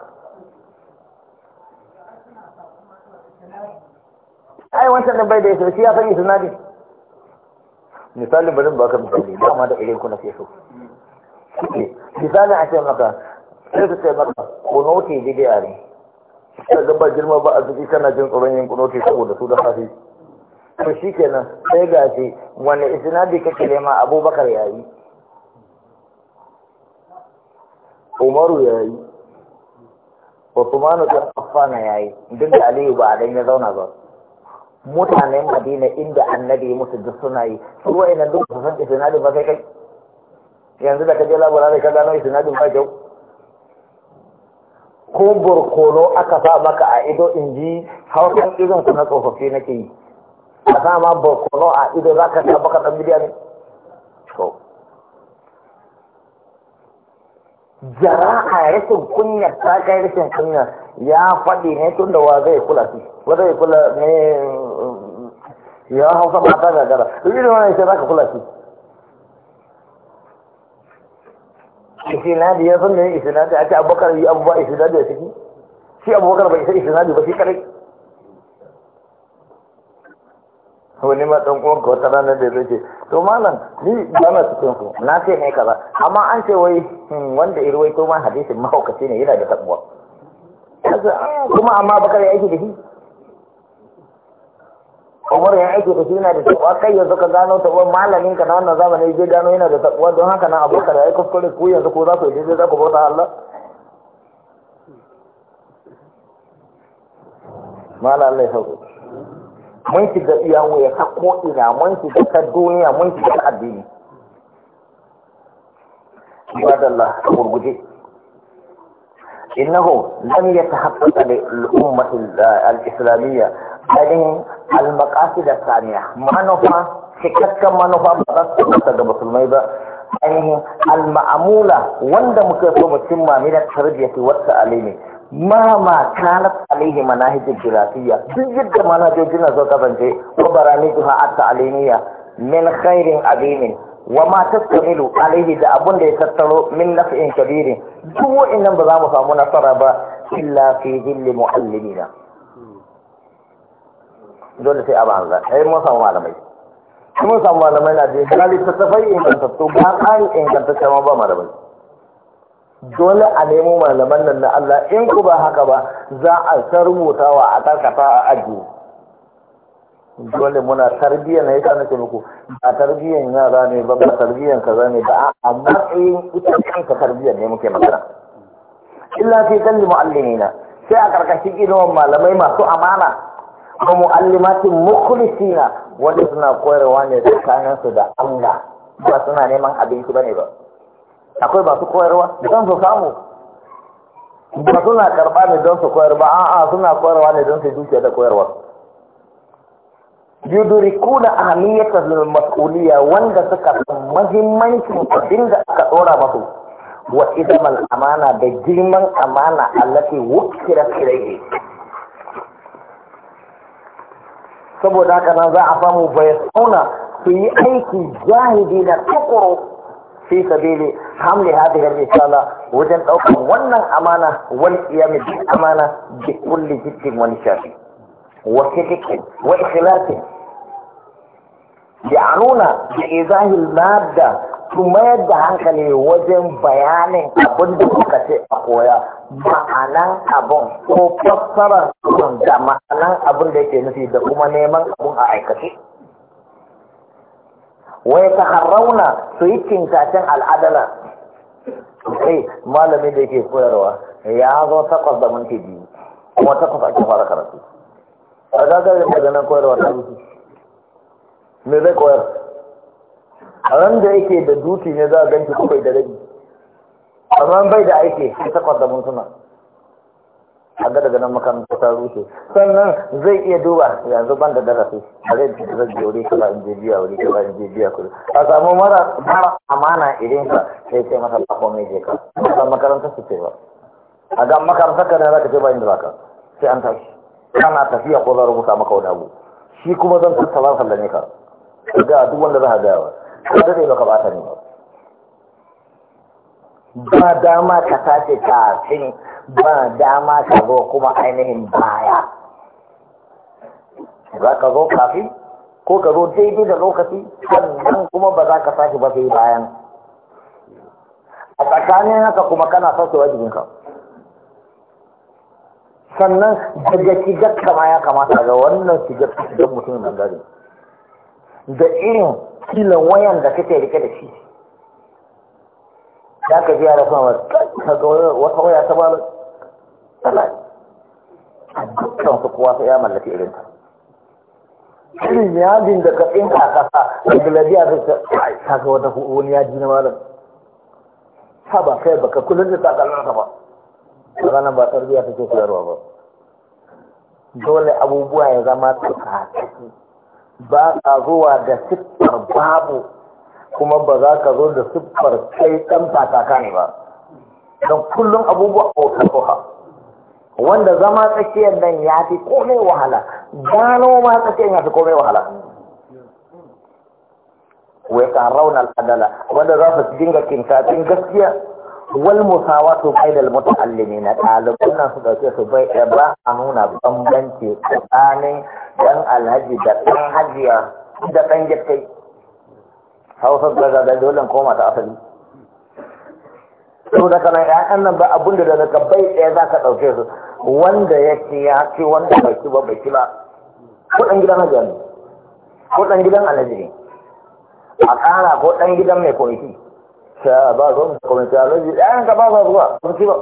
ai wancan da bai da yake shi ya san isnadi misali bari ba ka misali dama da irin ku na sai so misali a ce maka sai su ce maka kunoti bidiya ne ta gaba girma ba a jiki kana jin tsoron yin kunoti saboda su da hafi to nan? sai ga shi wani isinadi kake nema abubakar ya yi? umaru ya yi. yayi ɗan Afana ya yayi duk da Aliyu ba a ɗan ya zauna ba mutanen Madina inda annabi musu duk suna yi su wa'ina duk su san isnadin ba sai kai yanzu da ka je labarai ka gano isinadin ba kyau ko burkono aka sa maka a ido in ji hawan irin su na tsofaffi nake yi a sama ma burkono a ido za ka sa baka ɗan to jara a rashin kunyar ta kai rashin kunyar ya faɗi ne tun da wa zai kula shi wa zai kula ne ya hausa mata gagara duk irin wani shi za ka kula shi isinadi ya san ne isinadi a ce abubakar yi abubuwa isinadi a ciki shi abubakar bai isa isinadi ba shi kare wani ma ɗan uwan ka wata ranar da zai ce to malam ni ba na cikin ku na ce ne kaza amma an ce wai hmm, wanda irwai to ma hadisin mahaukaci ne yana da takwa ah, kuma amma bakar ya aiki da shi umar ya aiki da shi yana da takwa kai yanzu ka gano takwa malamin ka na wannan zamani je gano yana da takwa don haka nan abokan da ya kuskure ku yanzu ko za ku yi za ku bauta Allah malam Allah ya sauke mun shiga iyan wuya ta ko ina mun shiga ka duniya mun ki ta addini Allah ka gurguje إنه لم يتحقق للأمة islamiyya. ganin almakasi da saniya manufa cikakken manufa ba za su kusa ga musulmai ba ainihin alma'amula wanda muka so mu cimma mina da tarbiyyati wata alimi ma ma kanat alaihi manahijul jirafiya duk yadda manhajojin na zo kasance wa baranijuha atta alimiya min khairin alimin wa ma tattamilu alaihi da abun da ya tattaro min naf'in kabirin duk nan ba za mu samu nasara ba illa fi dhilli muallimina dole sai a ba hanzar sai mun samu malamai mun samu malamai na da ta littattafai ingantattu ba an ingantacce ma ba malamai dole a nemo malaman nan na Allah in ku ba haka ba za a ta rubutawa a karkata a aji dole muna tarbiyyar na yasa nake muku ba tarbiyyar yara ne ba ba tarbiyyar kaza ne ba a matsayin ita kanka tarbiyyar ne muke magana illa fi kalli mu'allimina sai a karkashin ilimin malamai masu amana wa mu'allimatin mukhlisina wanda suna koyarwa ne tsakanin su da Allah ba suna neman abinci bane ba akwai ba su koyarwa don su samu ba suna karba ne don su koyar ba a'a suna koyarwa ne don su dukiya da koyarwa yudurikuna ahmiyatul mas'uliyya wanda suka san muhimmancin abin da aka dora musu wa idamal amana da girman amana allati wukira ilayhi saboda haka nan za a samu bai sauna su yi aiki jahidi da tukuru fi sabili hamli hadhihi ar-risala wajen ɗaukar wannan amana wal qiyam bi amana bi kulli jiddin wani shafi wa sidqin wa ikhlasin ya'nuna bi izahil madda ku mayar da hankali wajen bayanin abin da kuka ce a koya ma'anan abin ko fassarar abin da ma'anan abin da yake nufi da kuma neman abin a aikace wai ta harrauna su yi cinkacin al'adala sai malami da yake koyarwa ya zo takwas da minti biyu kuma takwas ake fara karatu a zagayen daga nan koyarwa ta me zai koyar a ran da yake da duti ne za a ganci ko da rabi amma bai da aiki sai takwas da mutuna a ga daga nan makaranta ta rushe sannan zai iya duba yanzu ban da darasi a zai da zai je wuri kaza in je biya wuri kaza in je biya kudu a samu mara mara amana irin ka sai sai masa ba komai je ka ba makaranta su ce ba a ga makaranta ka ne za ka je ba inda za ka sai an tashi kana tafiya ko za rubuta maka wani abu shi kuma zan tattala sallame ka ga duk wanda za a gaya wa ka zai baka bata ne ba dama ka sace kafin ba dama ka zo kuma ainihin baya za ka zo kafin ko ka zo daidai da lokaci sannan kuma ba za ka sace ba sai bayan a tsakanin haka kuma kana sace ka sannan daga shigar kama ya kamata ga wannan shigar shigar mutumin bangare da irin kilan wayan da kake rike da shi za ka ji yara sama ka ga wata waya ta bala A dukkan su kuwa sai ya mallaki irin ta irin yajin da ka tsinka a kasa da labiya zai ta ta ga wata wani yaji na malam ta ba kai baka kullum da ta kallon ka ba ranar ba tarbiyya take koyarwa ba dole abubuwa ya zama tsaka ba a zuwa da siffar babu kuma ba za ka zo da siffar kai ɗan fataka ne ba don kullum abubuwa a wanda zama tsakiyar nan ya fi komai wahala gano ma tsakiyar ya fi komai wahala wai ka raunar adala wanda za su dinga kinkafin gaskiya wal musawatu bainal mutaallimin ɗaliban nan su dauke su bai ba a nuna bambanci tsakanin dan alhaji da dan hajiya da dan jattai hausa da da dole koma ta asali to da kana ya nan ba abun da daga bai ɗaya za ka ɗauke su wanda ya ce ya ce wanda bai ci ba bai ci ba ko ɗan gidan hajiya ne ko ɗan gidan alhaji ne a ƙara ko ɗan gidan mai komiti sai ba zo kuma ta alaji ɗayan ka ba za zuwa kuma ci ba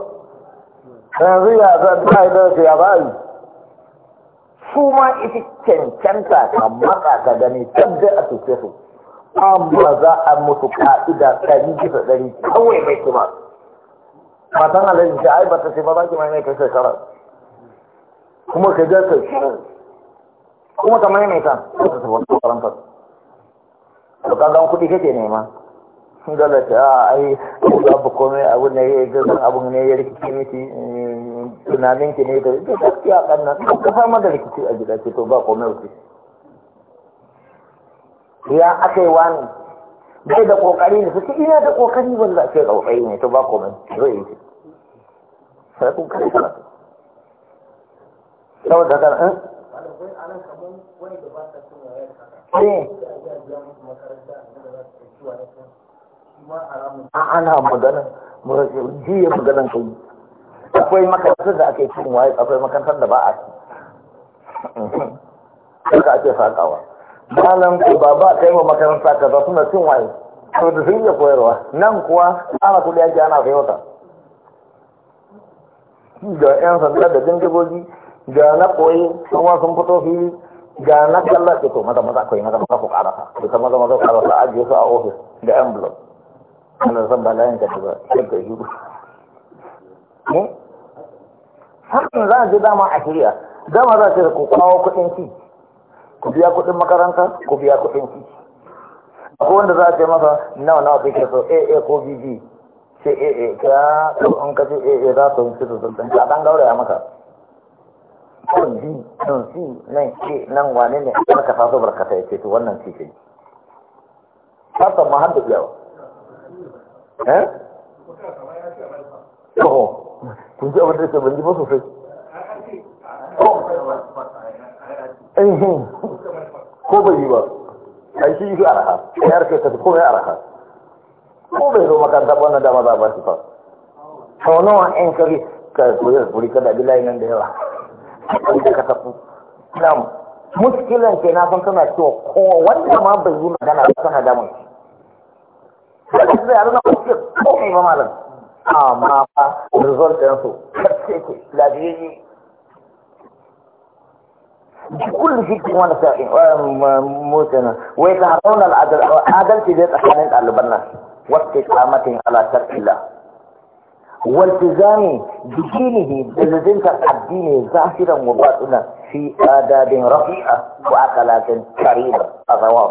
yanzu ya za ta yi da ya ba yi su ma ita cancanta ka maka ka gani tabbai a tuke su amma za a mutu ka'ida ɗari bisa ɗari kawai mai kima matan alaji ta ai ba ta ce ba za ki mai mai kai shekara kuma ka ga ka kuma ka mai mai ta ko ta tafi karantar to ka kuɗi kake nema gaza ta ah, ai babu komai abu ne ya gaza abu ne ya rikice miki mm, tunanin ki ne da ita gaskiya kan nan ta fama da rikici a gida ce to ba komai wuce ya akai wani bai da kokari ne suke ina da kokari ban za ce kokari ne to ba komai zai yi sai kun kai kana saboda kan hmm? eh wani da ba eh. ta ana magana jiya maganan kai akwai makarantar da ake cin waye akwai makarantar da ba a ci suka ake sakawa malam ko ba ba kai ma makaranta kaza suna cin waye to da sun yi koyarwa nan kuwa ana kuɗi ake ana kai wata ga yan sanda da dindigogi ga na koyi kuma sun fito fili ga na kalla ke to maza maza akwai maza maza ku karasa duka maza maza karasa ajiye su a ofis da envelope ana ba layin ka ba yadda yi ne hakan za a ji dama a shirya dama za a ce ku kawo kuɗin ci ku biya kuɗin makaranta ku biya kuɗin ci ko wanda za a ce masa nawa nawa kake so a eh, a eh, ko b b ce a a ka in ka ce a eh, a za su yi su sultan ka dan gauraya maka kan b kan c nan a nan wane ne ka taso barkata ya ce to wannan ci ce ta ma har da iyawa eh to kun ji abin da ke bandi ba sosai oh. ko bai yi ba ai shi yi araha ya rike ka ko mai araha ko bai zo makaranta ba wannan dama za ba shi fa sau nawa in kari ka koyar kuri kada bi layi nan da yawa kai da ka tafi na muskilan ke na san kana cewa ko wanda ma bai yi magana ba kana damun da yaran na kuke komai ba malam amma fa result ɗin su kace ke lafiyayye بكل شيء وانا ساكن موتنا ويتهرون العدل عدل في ذات احيان قلبنا واستقامة على شرع الله والتزام بدينه بلزم الدين ظاهرا وباطنا في آداب رفيعة وأخلاق كريمة أثواب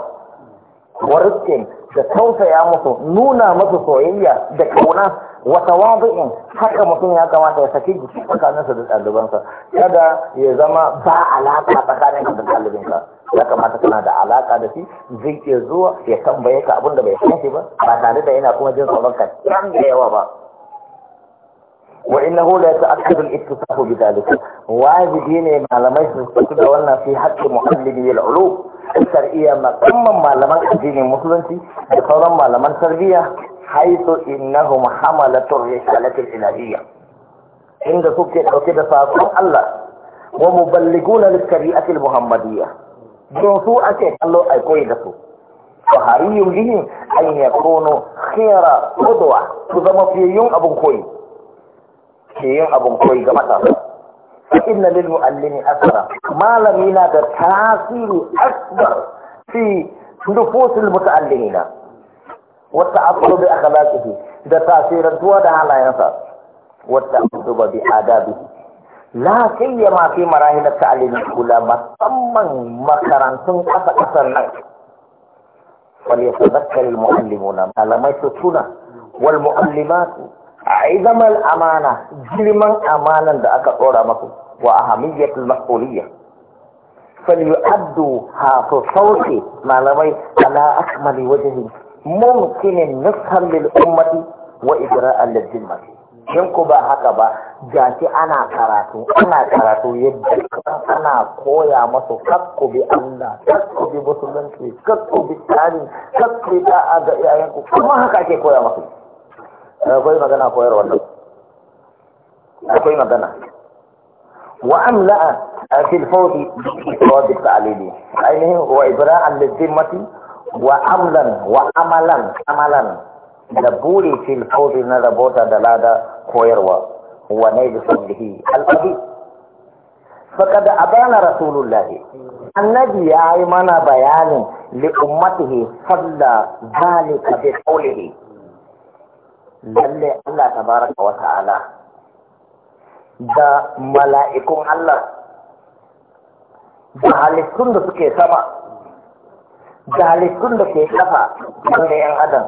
ورزق da tausaya musu nuna musu soyayya da kauna wata wadu'in haka mutum ya kamata ya saki jiki tsakaninsa da ɗalibansa kada ya zama ba alaƙa tsakanin da ɗalibinka ya kamata kana da alaƙa da shi zai iya zuwa ya tambaye ka abin da bai san shi ba ba tare da yana kuma jin tsoron ka can da yawa ba wa hu la ta'akkadu al-ittisafu bi dhalika wajibi ne malamai su da wannan fi haqqi muallimi al-ulum malaman tarbiyya musamman malaman addinin musulunci da sauran malaman tarbiyya haitu innahum hamalatur risalatil ilahiyya inda suke dauke da sakon Allah wa muballiguna liskari'atil muhammadiyya don su ake kallo a koyi da su fahari bihim an yakunu khira qudwa su zama fiyayyun abun koyi fiyayyun abun koyi ga matasa fa inna lil muallimi asara malami na da tasiri akbar fi nufusul mutaallimina wa ta'assub bi akhlaqihi da tasirantuwa da halayensa wa ta'assub bi adabihi la siyama fi marahil ta'lim kula musamman makarantun kasa kasar nan wal yatadhakkar al muallimuna malamai su tuna wal muallimat aizamal amana girman amanan da aka tsora maku وأهمية المسؤولية فليؤدوا حافظ صوت معلمي على أكمل وجه ممكن نصها للأمة وإجراء للذمة in ku ba haka ba gashi ana karatu ana karatu yadda ana koya masu kakku bi Allah kakku bi musulunci kakku bi tsari kakku bi ta'a ga iyayenku kuma haka ake koya masu akwai magana koyarwa nan. akwai magana وأملأ في الفوز بإفراد التعليل عينه وإبراء للذمة وأملا وأملا أملا دبوري في الفوز نذبوت دلادة كويروا ونيل فضله الأبي فقد أبان رسول الله النبي أيمن بيان لأمته صلى ذلك بقوله للي الله تبارك وتعالى da mala'ikun Allah da halittun da suke sama da halittun da ke kafa wanda ‘yan adam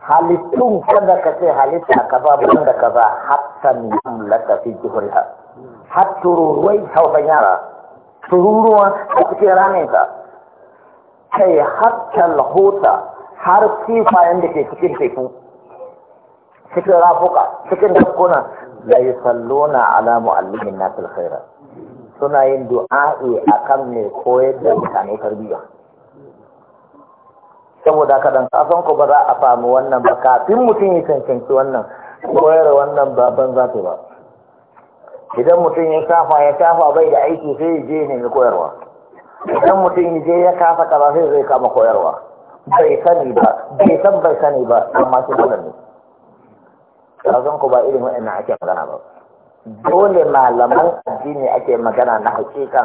halittun kada ka ce halitta kaza banda kaza hatta yin fi jihuriha har tururuwai hausan yara tururuwa a cikin raninka kai hatta lahota har kifayen da ke cikin teku cikin rafuka cikin dakuna la yusalluna ala muallimin nasil khairat suna yin du'a'i akan mai koyar da mutane tarbiyya saboda haka dan kasan ku ba za a samu wannan ba kafin mutum ya cancanci wannan koyar wannan baban za ta ba idan mutum ya kafa ya kafa bai da aiki sai je ne mai koyarwa idan mutum ya je ya kafa kaza sai zai kama koyarwa bai sani ba bai san bai sani ba amma shi ne kazan ku ba irin wa'annan ake magana ba dole malaman addini ake magana na hakika.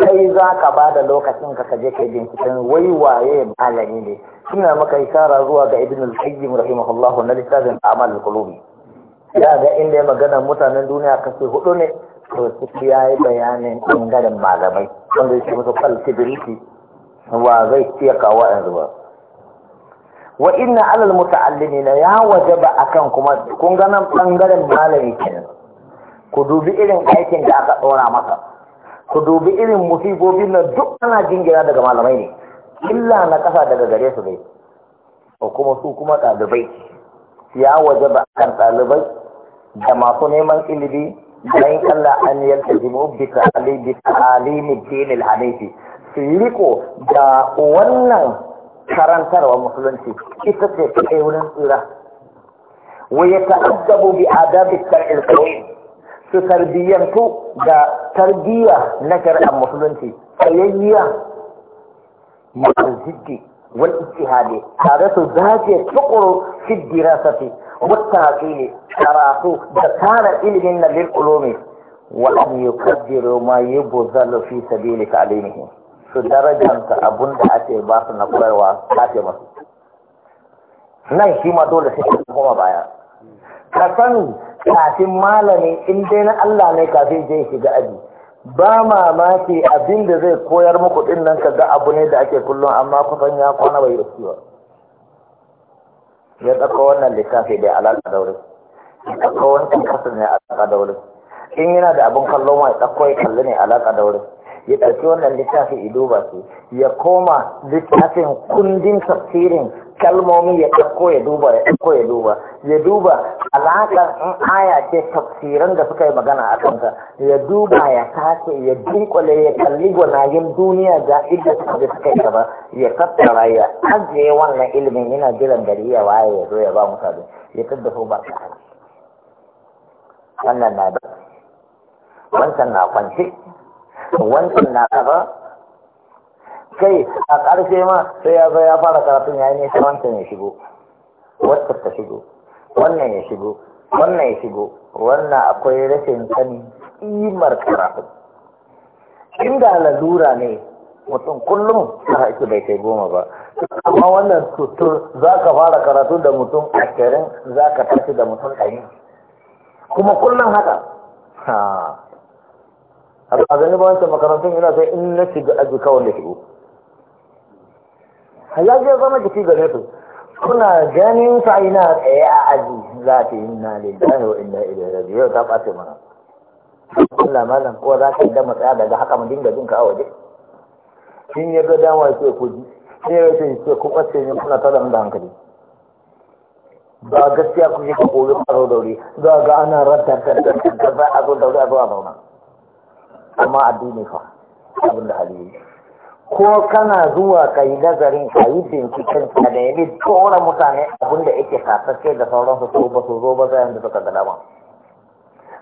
kai za ka ba da lokacin ka kaje kai binciken wai waye malami ne suna maka isara zuwa ga ibn al-qayyim rahimahullahu na littafin amal al-qulubi ya ga inda ya magana mutanen duniya kasu hudu ne to su ya yi bayanin bangaren malamai wanda ce musu falsibiliti wa zai ciyaka yanzu ba wa inna alal muta'allimina ya wajaba akan kuma kun ga nan bangaren malami kenan ku dubi irin aikin da aka dora masa ku dubi irin musibobin nan duk ana jingira daga malamai ne illa na kasa daga gare su dai ko kuma su kuma ɗalibai ya wajaba akan ɗalibai da masu neman ilimi bayan Allah an yaltazimu bi ta'alimi bi ta'alimi dinil hanifi su riko da wannan كرنتر ومخلنسي كيفتي كيولن إلى ويتأدب بآداب السرع القويم ستربيا كو دا تربية نكر المخلنسي فيجيا مع الزد والاجتهاد هذا ذاتي تقر في الدراسة والتعقيل شراسو دكان الإلهن للقلوم وأن يقدر ما يبذل في سبيل تعليمه su darajanta abun da ake ba su na koyarwa ake masu nan shi ma dole sai ka koma baya ka sani kafin malami in dai na Allah ne kafin je shiga aji ba mamaki abin da zai koyar muku din nan ka ga abu ne da ake kullum amma kusan ya kwana bai da ciwa ya tsaka wannan littafi da alaƙa da wuri ya tsaka wancan kasar ne alaƙa da wuri in yana da abin kallo mai tsako ya kalli ne alaƙa da wurin ya ɗauki wannan littafin ido duba su ya koma littafin kundin tafsirin kalmomi ya ɗauko ya duba ya ɗauko ya duba ya duba alaƙar in aya ce tafsiran da suka yi magana a kanka ya duba ya tace ya dunkule ya kalli gwanayen duniya ga inda da suka yi gaba ya tattara ya ajiye wannan ilimin yana jiran gari ya waye ya zo ya ba mutane ya tattafo ba wannan na da wancan na kwance wancan na kaza kai a ƙarshe ma sai ya zo ya fara karatun ya yi nisa wancan ya shigo wancan ta shigo wannan ya shigo wannan ya shigo wannan akwai rashin sani imar karatun inda lalura ne mutum kullum ta haƙi bai kai goma ba amma wannan tutur za ka fara karatu da mutum ashirin za ka tashi da mutum ɗari kuma kullum haka a ganin ba wancan makarantun yana sai in na shiga aji kawai na shigo ya je zama jiki gare su kuna ganin sa ina tsaye a aji za ta yi na lillahi wa inda ilaihi raji'un yau ta ɓace mana Allah malam ko za ka yi dama tsaya daga haka mu dinga jin ka a waje shin ya ga dama ya ce ku ji sai ya ce ce ku ɓace ne kuna ta da hankali ba gaskiya ku yi ka koyi ƙaro daure za ga ana rantar da ba a zo daure a zo a zauna amma addini fa abin da hali ko kana zuwa ka yi nazarin ka yi binciken ka da yabi tsoron mutane abin da yake kasashe da sauransu ko ba su zo ba zayen da suka gada ba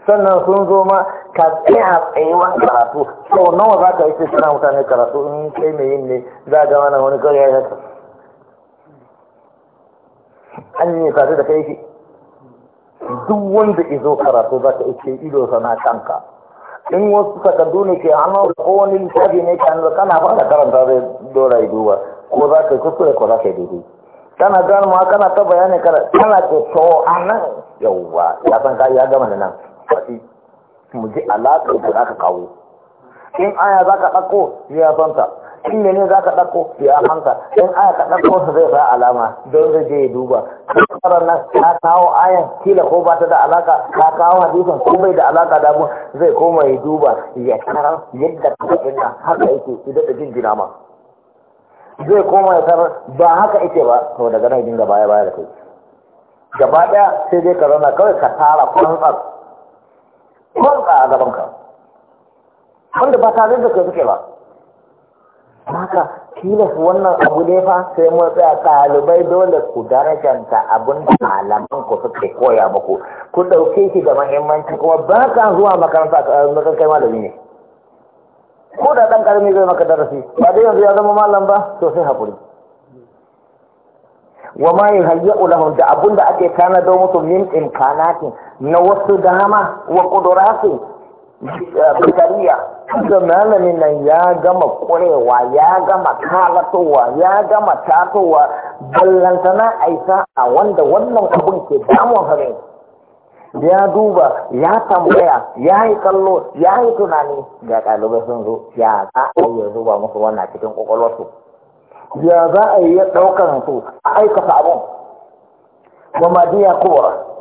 sannan sun zo ma ka tsaya tsayuwan karatu sau nawa za ka yi su suna mutane karatu in kai mai yin ne za ga mana wani kawai ya yi an yi kasu da kai shi duk wanda izo karatu za ka ce ido sana kanka in wasu takardu ne ke hannun ko wani littafi ne ke hannun kana da karanta zai dora yi duba ko za ka yi kuskure ko za ka yi daidai kana gano ma kana ta bayanin kana kana ce to a nan yawwa ya san ka ya gama da nan faɗi mu ji alaƙa da za ka kawo in aya za ka ɗauko ya santa in mene za ka ɗauko ya hanka, in aya ka ɗauko su zai sa alama don zai je ya duba kasarar nan ta kawo ayan kila ko ba ta da alaka ta kawo hadisin ko bai da alaka da mu zai koma ya duba ya tarar yadda ka ɗin nan haka yake idan da jinjina ma zai koma ya karar ba haka yake ba to daga nan dinga baya baya da kai gaba ɗaya sai dai ka zauna kawai ka tara kwantsar kwantsa a gaban ka wanda ba tare da kai suke ba haka tilas wannan abu ne fa sai mun tsaya ɗalibai dole ku darajanta abin da malaman ku suke koya muku ku ɗauke shi da mahimmanci kuma ba ka zuwa makaranta eh, makan kai malami ne ko da ɗan ƙarami zai maka darasi ba dai yanzu ya zama malam ba to sai haƙuri wa ma yuhayyi'u lahum da abin da ake tanadar musu min imkanatin na wasu dama wa qudratin bikariya da malamin nan ya gama ƙurewa ya gama kalatowa ya gama tatowa ballantana aisa a wanda wannan abin ke damun hare ya duba ya tambaya ya yi kallo ya yi tunani ga ɗalibai sun zo ya za a yi zuba musu wannan cikin kwakwalwarsu ya za a yi ɗaukan su a aikata abun kuma ya kowar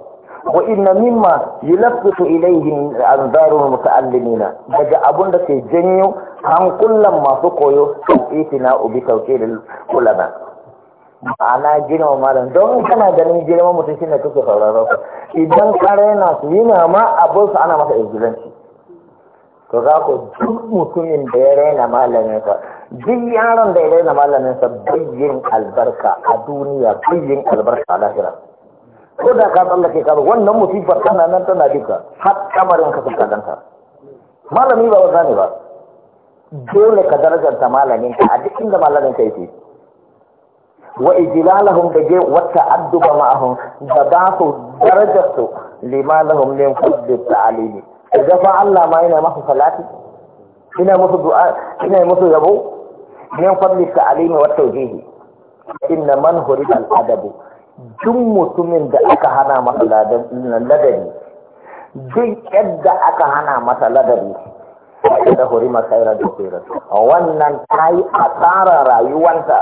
وإن مما يلفت إليه أنظار المتعلمين daga abun da ke janyo hankulan masu koyo itina ubi sauke da ulama ma'ana gina wa malam don kana ganin girman mutum shine kake sauraro ka idan kare raina su yana ma abin su ana masa ingilanci to za ku duk mutumin da ya raina malamin sa duk yaron da ya raina malamin sa bayyin albarka a duniya bayyin albarka a lahira ko da ka tsallake ka wannan musibar tana nan tana duka har kamarin ka sun kaganta malami ba wanda ne ba dole ka darajarta malamin ka a duk inda malamin ka yake wa ijlalahum da ge wa ta'adduba ma'ahum da ba su darajarsu lima lahum min fadli ta'alimi da fa Allah ma yana masa salati ina musu du'a ina musu yabo min fadli ta'alimi wa tawjihi inna man hurida al-adabu duk mutumin da aka hana masa ladabi duk yadda aka hana masa ladabi da hurima khairan kafiran wannan ta, tayi asara rayuwarsa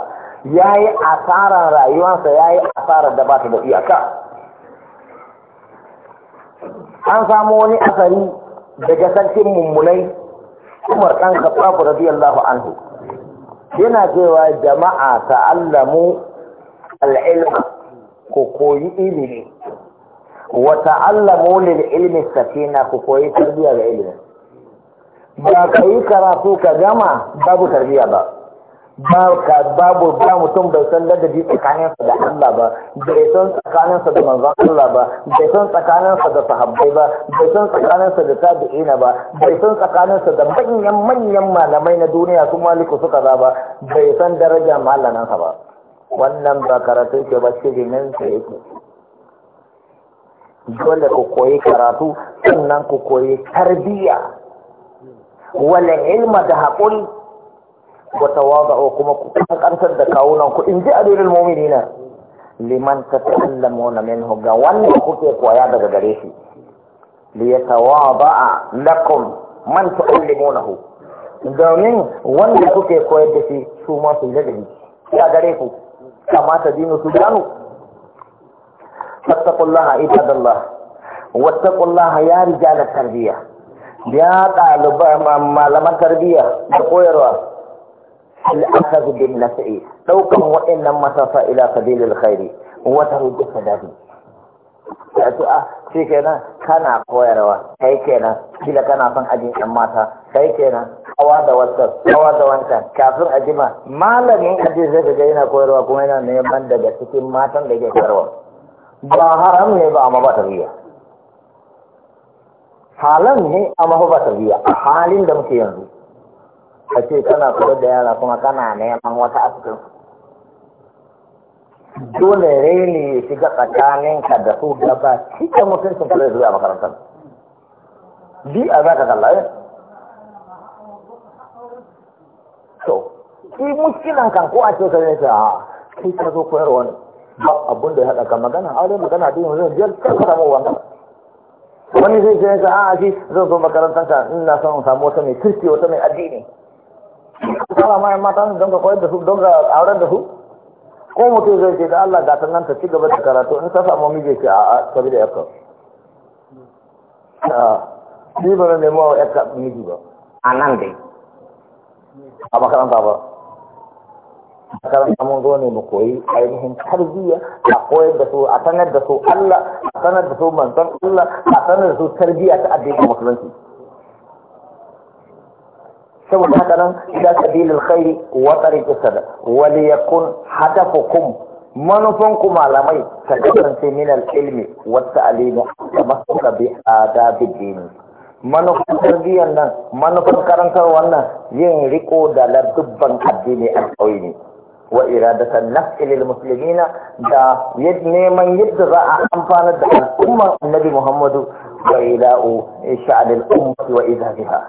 yayi asara rayuwarsa yi asarar da ba ta da iyaka an samu wani asari daga sarkin mummunai Umar dan Khattab radiyallahu anhu yana cewa jama'a ta'allamu al ku koyi ilimi wa ta'allamu lil ilmi safina ku koyi tarbiyya ga ilimi ba ka yi karatu ka gama babu tarbiyya ba ba ka babu ba mutum bai san ladabi tsakaninsa da Allah ba bai san tsakaninsa da manzon Allah ba bai san tsakaninsa da sahabbai ba bai san tsakaninsa da tabi'ina ba bai san tsakaninsa da manyan manyan malamai na duniya su maliku suka za ba bai san daraja malamansa ba wannan ba karatu ke ba shirimin sa yake dole ku koyi karatu sannan ku koyi tarbiyya wala ilma da haƙuri wa tawada'u kuma ku kankantar da kawunan ku in ji amirul mu'minina liman tata'allamuna minhu ga wanda kuke koya daga gare shi li yatawada'a lakum man tu'allimunahu domin wanda kuke koyar da shi su ma su ladabi ya gare ku kamata dinu su gano fattakullaha ita da Allah wattakullaha ya rija da tarbiya ya ɗaliba malaman tarbiya da koyarwa al'akadu bin nasi'i ɗaukan waɗannan masafa ila kabilul khairi wata rubu sadari wato a shi kenan kana koyarwa kai kenan kila kana son ajin yan mata kai kenan hawa da wancan hawa da wancan kafin a jima malamin aji zai ga yana koyarwa kuma yana neman daga cikin matan da ke koyarwa ba haram ne ba amma ba tarbiyya halan ne amma ba tarbiyya a halin da muke yanzu a ce kana kula da yara kuma kana neman wata a dole reni ya shiga ka da su gaba cikin mutuncin kare zuwa makarantar bi a za ka kalla eh? to shi muskilan kan ko a cikin sarari sa, a ah, kai ka zo koyar wani ba abun da ya haɗa kan magana wajen magana da yin zan biyar kan fara mawa ba wani zai ce yanzu a ah, shi zan zo makarantar ka ina son samu wata mai kirki wata mai addini kama ma yan mata don ka koyar da su don ka auren da su ko mutum zai ce da Allah ga nan ta ci gaba da karatu in ta samu miji ce a sabi da yakka ni ba na nemo wa yakka miji ba a nan dai a makaranta ba makaranta mun zo ne mu koyi ainihin tarbiyya a koyar da su a sanar da su Allah a sanar da su manzon Allah a sanar da su tarbiyya ta addinin musulunci saboda haka nan ila sabilil khairi wa tariqis sada wa liyakun hadafukum manufan ku malamai ta kasance min al ilmi wa ta'limi da masuka bi adabid dini Manufan tarbiyyar nan manufan karantar wannan yin riko da ladubban addini a kauye ne wa iradatan nafilil musulmina da neman yadda za a amfana da al'ummar annabi muhammadu wa ila'u sha'anil ummati wa idafiha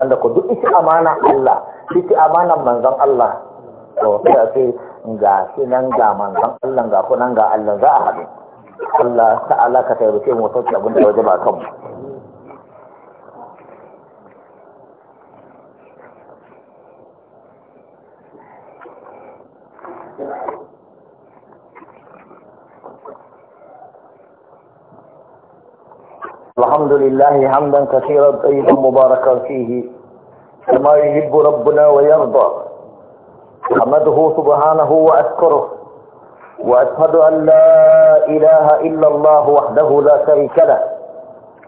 wanda ku duk ita amana Allah ita amana manzon Allah to sai ga shi nan ga manzon Allah ga kunan ga Allah za a haɗu Allah ta'ala ka taimake mu sauke abin da waje ba kanmu الحمد لله حمدا كثيرا طيبا مباركا فيه كما يحب ربنا ويرضى حمده سبحانه وأشكره وأشهد أن لا إله إلا الله وحده لا شريك له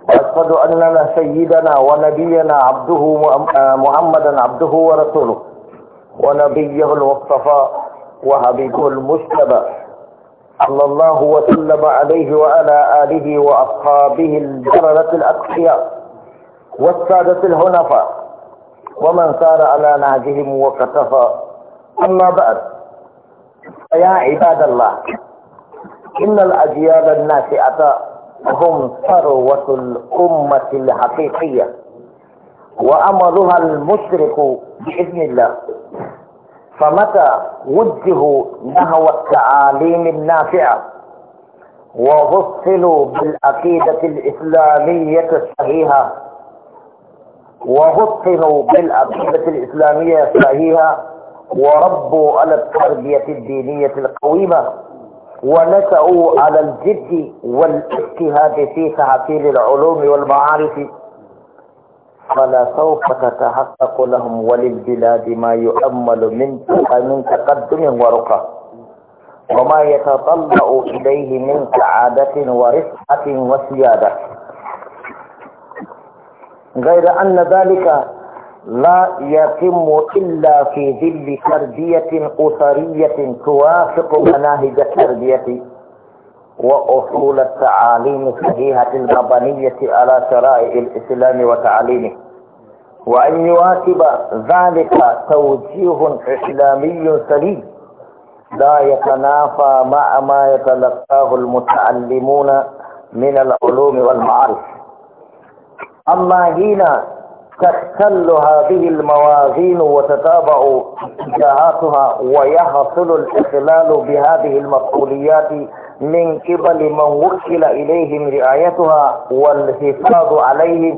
وأشهد أننا سيدنا ونبينا عبده آه، محمدا عبده ورسوله ونبيه المصطفى وحبيبه المجتبى صلى الله وسلم عليه وعلى آله وأصحابه الجلالة الأتقياء والسادة الهنفاء ومن سار على نهجهم وكتفى أما بعد فيا عباد الله إن الأجيال الناشئة هم ثروة الأمة الحقيقية وأمرها المشرك بإذن الله فمتى وجهوا نحو التعاليم النافعة وغسلوا بالعقيدة الإسلامية الصحيحة وغسلوا بالعقيدة الإسلامية الصحيحة وربوا على التربية الدينية القويمة ونشأوا على الجد والاجتهاد في تحصيل العلوم والمعارف فلسوف تتحقق لهم وللبلاد ما يؤمل من من تقدم ورقى وما يتطلع إليه من سعادة ورفعة وسيادة غير أن ذلك لا يتم إلا في ظل تربية أسرية توافق مناهج التربية وأصول التعاليم الصحيحة المبنية على شرائع الإسلام وتعاليمه وأن يواكب ذلك توجيه إسلامي سليم لا يتنافى مع ما يتلقاه المتعلمون من العلوم والمعارف أما هنا تختل هذه الموازين وتتابع اتجاهاتها ويحصل الاخلال بهذه المسؤوليات من قبل من وكل إليهم رعايتها والحفاظ عليه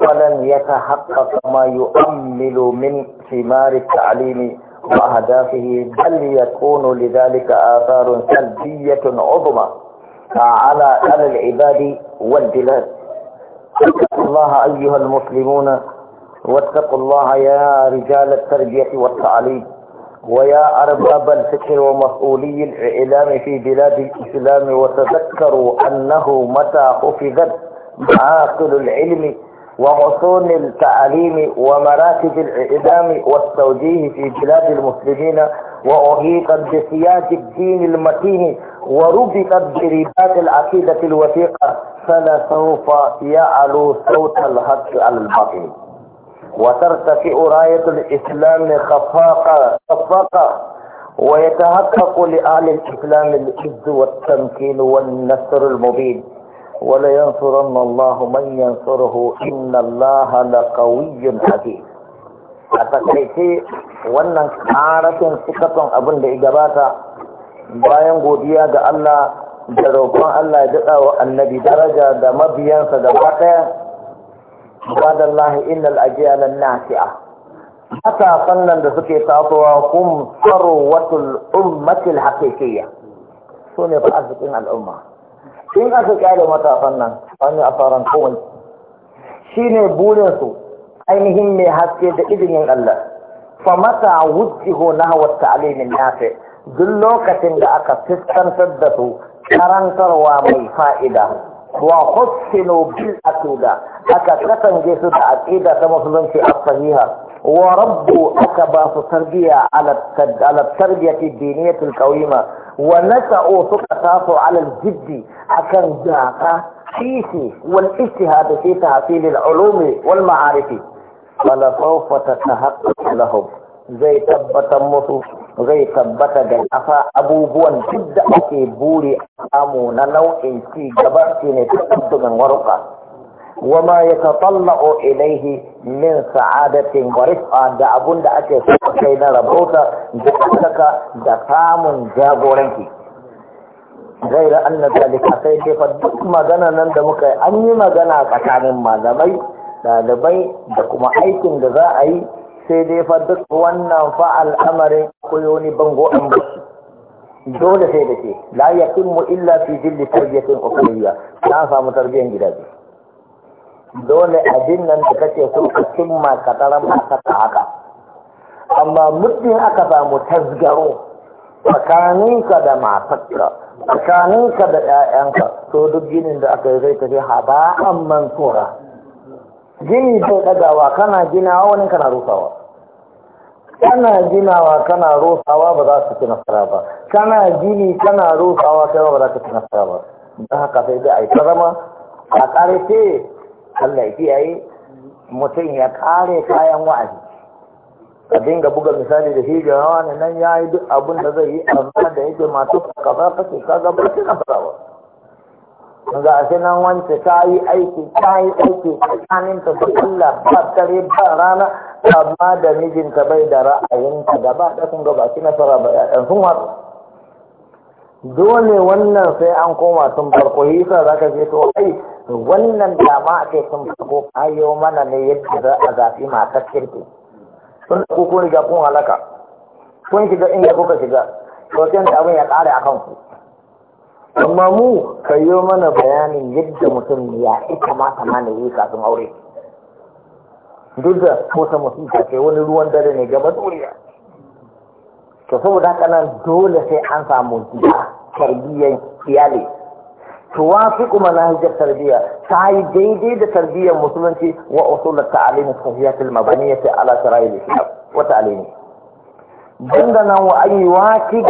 فلن يتحقق ما يؤمل من ثمار التعليم وأهدافه بل يكون لذلك آثار سلبية عظمى على العباد والبلاد اتقوا الله أيها المسلمون واتقوا الله يا رجال التربية والتعليم ويا أرباب الفكر ومسؤولي الإعلام في بلاد الإسلام وتذكروا أنه متى حفظت معاقل العلم وحصون التعليم ومراكز الإعلام والتوجيه في بلاد المسلمين وأحيطت بسياج الدين المتين وربطت برباط العقيدة الوثيقة فلسوف يعلو صوت الحق على الباطل وترتفع راية الإسلام خفاقة خفاقة ويتحقق لأهل الإسلام العز والتمكين والنصر المبين ولينصرن الله من ينصره إن الله لقوي حكيم a takaice wannan ƙarashin sikatun abin da ya gabata bayan godiya ga Allah da roƙon Allah ya daɗa wa annabi daraja da mabiyansa ba ɗaya ibadallahi innal na nafi'a matasan nan da suke tasowa kum wata ummatil haqiqiyya su ne ba arzikin al'umma in aka kyale matasan nan wani a faran kowai shi burin su ainihin mai haske da izinin Allah fa mata wujjihu nahwa ta'limin nafi' duk lokacin da aka fuskantar da su karantarwa mai fa'ida wa hussinu bil aqida aka kasance su da aqida ta musulunci as-sahiha wa rabbu aka ba su tarbiya ala tarbiyati diniyati al-qawima wa nasa'u suka taso ala al-jiddi akan jaka sisi wal ijtihad fi tahsil al-ulum wal ma'arif fala sawfa tatahaqqaq lahum zai tabbatar musu zai tabbata da kafa abubuwan duk da ake buri samu na nau'in ci gaba shi ne tattabbin warka wama ya o ilaihi min sa'adatin wa da abun da ake so kai na rabota da saka da samun jagoranki gaira anna zalika sai dai fa duk magana nan da muka yi an yi magana tsakanin malamai ɗalibai da kuma aikin da za a yi sai dai fa duk wannan fa al'amarin koyo ni bango an ba dole sai da ke la mu illa fi jilli tarbiyatin ukhawiyya na samu tarbiyan gida ce dole abin nan da kace so ka cimma ka ma ka ta haka amma muddin aka samu tasgaro tsakaninka da matarka tsakaninka da ƴaƴanka, to duk ginin da aka yi zai tafi haba'an mansura gini bai ɗagawa kana ginawa wani kana rusawa kana ginawa kana rusawa ba za su ci nasara ba kana gini kana rusawa kai ba za su ci nasara ba Da haka sai dai a yi zama a karfe Allah ya kiyaye mutum ya kare kayan wa'azi ka dinga buga misali da hijawa ne nan ya yi duk abin da zai yi amma da yake masu kafa kake kaga ba su nasara ba ga shi nan wance ta yi aiki ta yi aiki tsakaninta ta Allah ba dare ba rana amma da mijinta bai da ra'ayinta gaba da sun gaba shi nasara ba ɗan sun watsu dole wannan sai an koma sun farko hisa za ka je to ai wannan dama ake sun farko ayo mana ne yadda za a zafi matar kirki sun da kuku riga kun halaka kun shiga in ya kuka shiga to da abin ya ƙare a kanku amma mu kayo mana bayanin yadda mutum ya ita ma ta mana yi kafin aure duk da kusa mutum ta ce wani ruwan dare ne gaba duniya to saboda haka nan dole sai an samu gida tarbiyyar iyali to wa fi kuma nahijar tarbiyya ta yi daidai da tarbiyyar musulunci wa usul ta'alimi sahihatul mabaniyati ala shara'il islam wa ta'alimi dangana wa ayi yi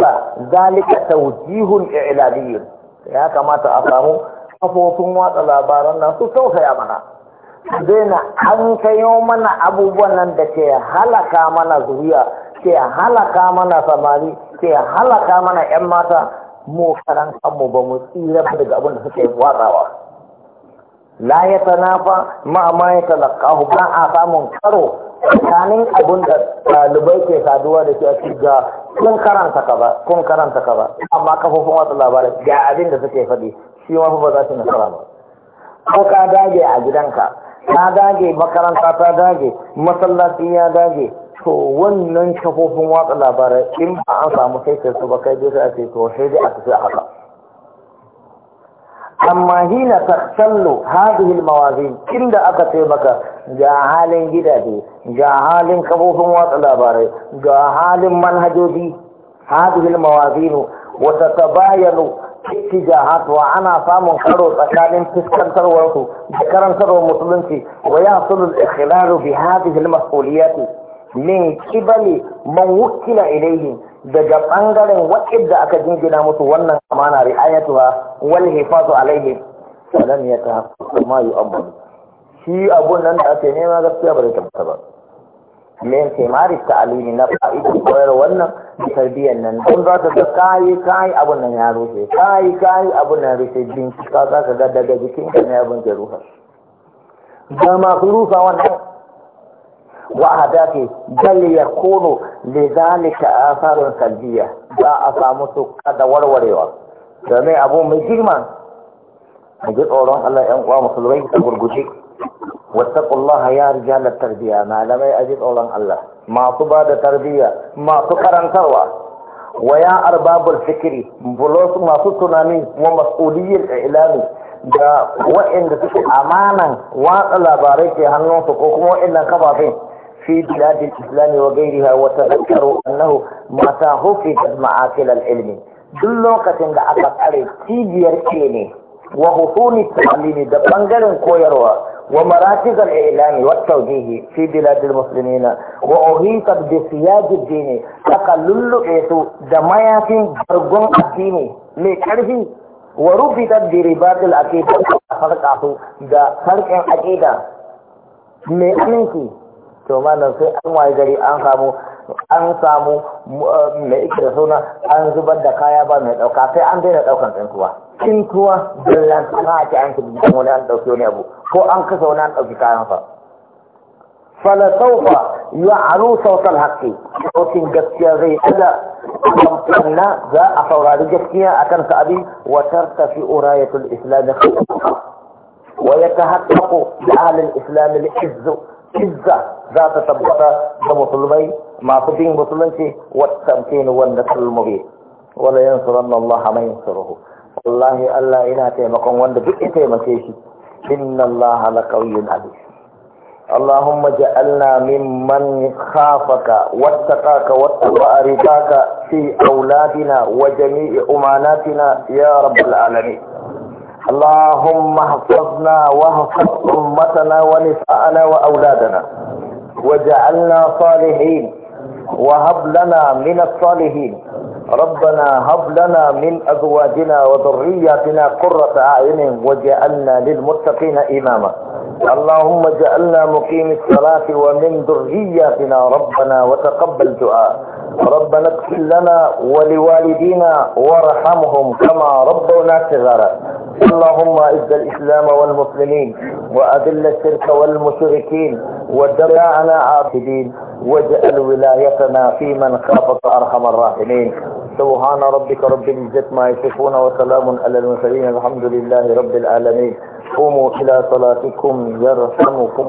zalika tawjihul i'laniyyun ya kamata a samu kafofin watsa labaran nan su tausaya mana na an kayo mana abubuwan nan da ke halaka mana zuriya ke halaka mana samari ke halaka mana yan mata mu karan kanmu ba mu tsira ba daga abin da suke watsawa la ya tanafa ma ma ya talaqahu ba a samun karo tsakanin abin da ɗalibai ke saduwa da shi a cikin ga kun karanta ka ba kun karanta ka ba amma kafofin watsa labarai ga abin da suke faɗi shi ma ba za su nasara ba ko ka dage a gidanka ka dage makaranta ta dage masallaci ya dage to wannan kafofin watsa labarai in ba an samu sai su ba kai dai sai a ce to sai dai a tafi a haka amma hina tattallo hadihil mawazin inda aka ce maka ga halin gidaje ga halin kafofin watsa labarai ga halin manhajoji hadihil mawazin wa tatabayanu ittijahat wa ana samun karo tsakanin fuskantarwar su da karantarwar musulunci wa yahsulu al-ikhlalu bi hadhihi al-mas'uliyati min qibali man wukila ilayhi daga ɓangaren da aka jingina musu wannan amana ri'ayatuha wal hifazu alaihim walam yatahaqqaqu ma yu'ammal shi abun nan da ake nema gaskiya ba zai tabbata ba min timari ta'alimi na fa'idin koyar wannan tarbiyyar nan don za ta ga kayi kayi abun nan ya rushe kayi kayi abun nan rushe bincika za ka ga daga jikin ka ne abun ke ruha ba masu rufa wannan wa'adati bal yakunu lidhalika atharun salbiya za a samu su da warwarewa domin abu mai girma mu tsoron Allah 'yan uwa musulmai ta gurguje wattaqullaha ya rijalat tarbiya malamai aji tsoron Allah masu ba da masu karantarwa wa ya arbabul fikri bulosu masu tunani wa mas'uliyyul ilami da wa'inda suke amanan watsa labarai ke hannunsu ko kuma wa'inda kafafin في بلاد الإسلام وغيرها وتذكروا أنه متى حفظت معاكل العلم duk lokacin da aka tsare cibiyar ilimi wa husuni ta'limi da bangaren koyarwa wa maratib al-i'lam wa tawjih fi bilad al-muslimin wa uhiqat bi siyaj ad-din aka lulluɓe su da mayafin gargon addini mai karfi wa rufitat bi ribat al-aqidah farqa su da farqin aqida mai aminci to malam sai an waye gari an samu an samu eh, mai ike da suna an zubar da kaya ba mai ɗauka sai an daina ɗaukan kin kuwa billan sana ta an ki bikin wani an ɗauki wani abu ko an kasa wani an ɗauki kayan fa falasaufa ya aru sautar haƙƙi kin gaskiya zai ɗaga kamfanna za a saurari gaskiya a kan sa'abi wa tartafi urayatul islami wa ya ta haƙƙaƙo da ahalin islami al'izzu izza za ta tabbata da musulmai masu bin musulunci wattamkin wanda sulmubi wala yansuranna Allah man yansuruhu wallahi Allah ina taimakon wanda duk ya taimake shi inna Allah la qawiyyun aziz اللهم اجعلنا ممن خافك واتقاك واتبع رضاك في أولادنا وجميع أماناتنا يا رب العالمين اللهم احفظنا واحفظ امتنا ونساءنا واولادنا وجعلنا صالحين وهب لنا من الصالحين ربنا هب لنا من ازواجنا وذرياتنا قرة اعين وجعلنا للمتقين اماما اللهم اجعلنا مقيم الصلاة ومن ذرياتنا ربنا وتقبل دعاء ربنا اغفر لنا ولوالدينا وارحمهم كما ربونا صغارا اللهم اعز الاسلام والمسلمين واذل الشرك والمشركين ودرعنا عابدين واجعل ولايتنا في من خافك ارحم الراحمين سبحان ربك رب العزة ما يصفون وسلام على المرسلين الحمد لله رب العالمين قوموا الى صلاتكم يرحمكم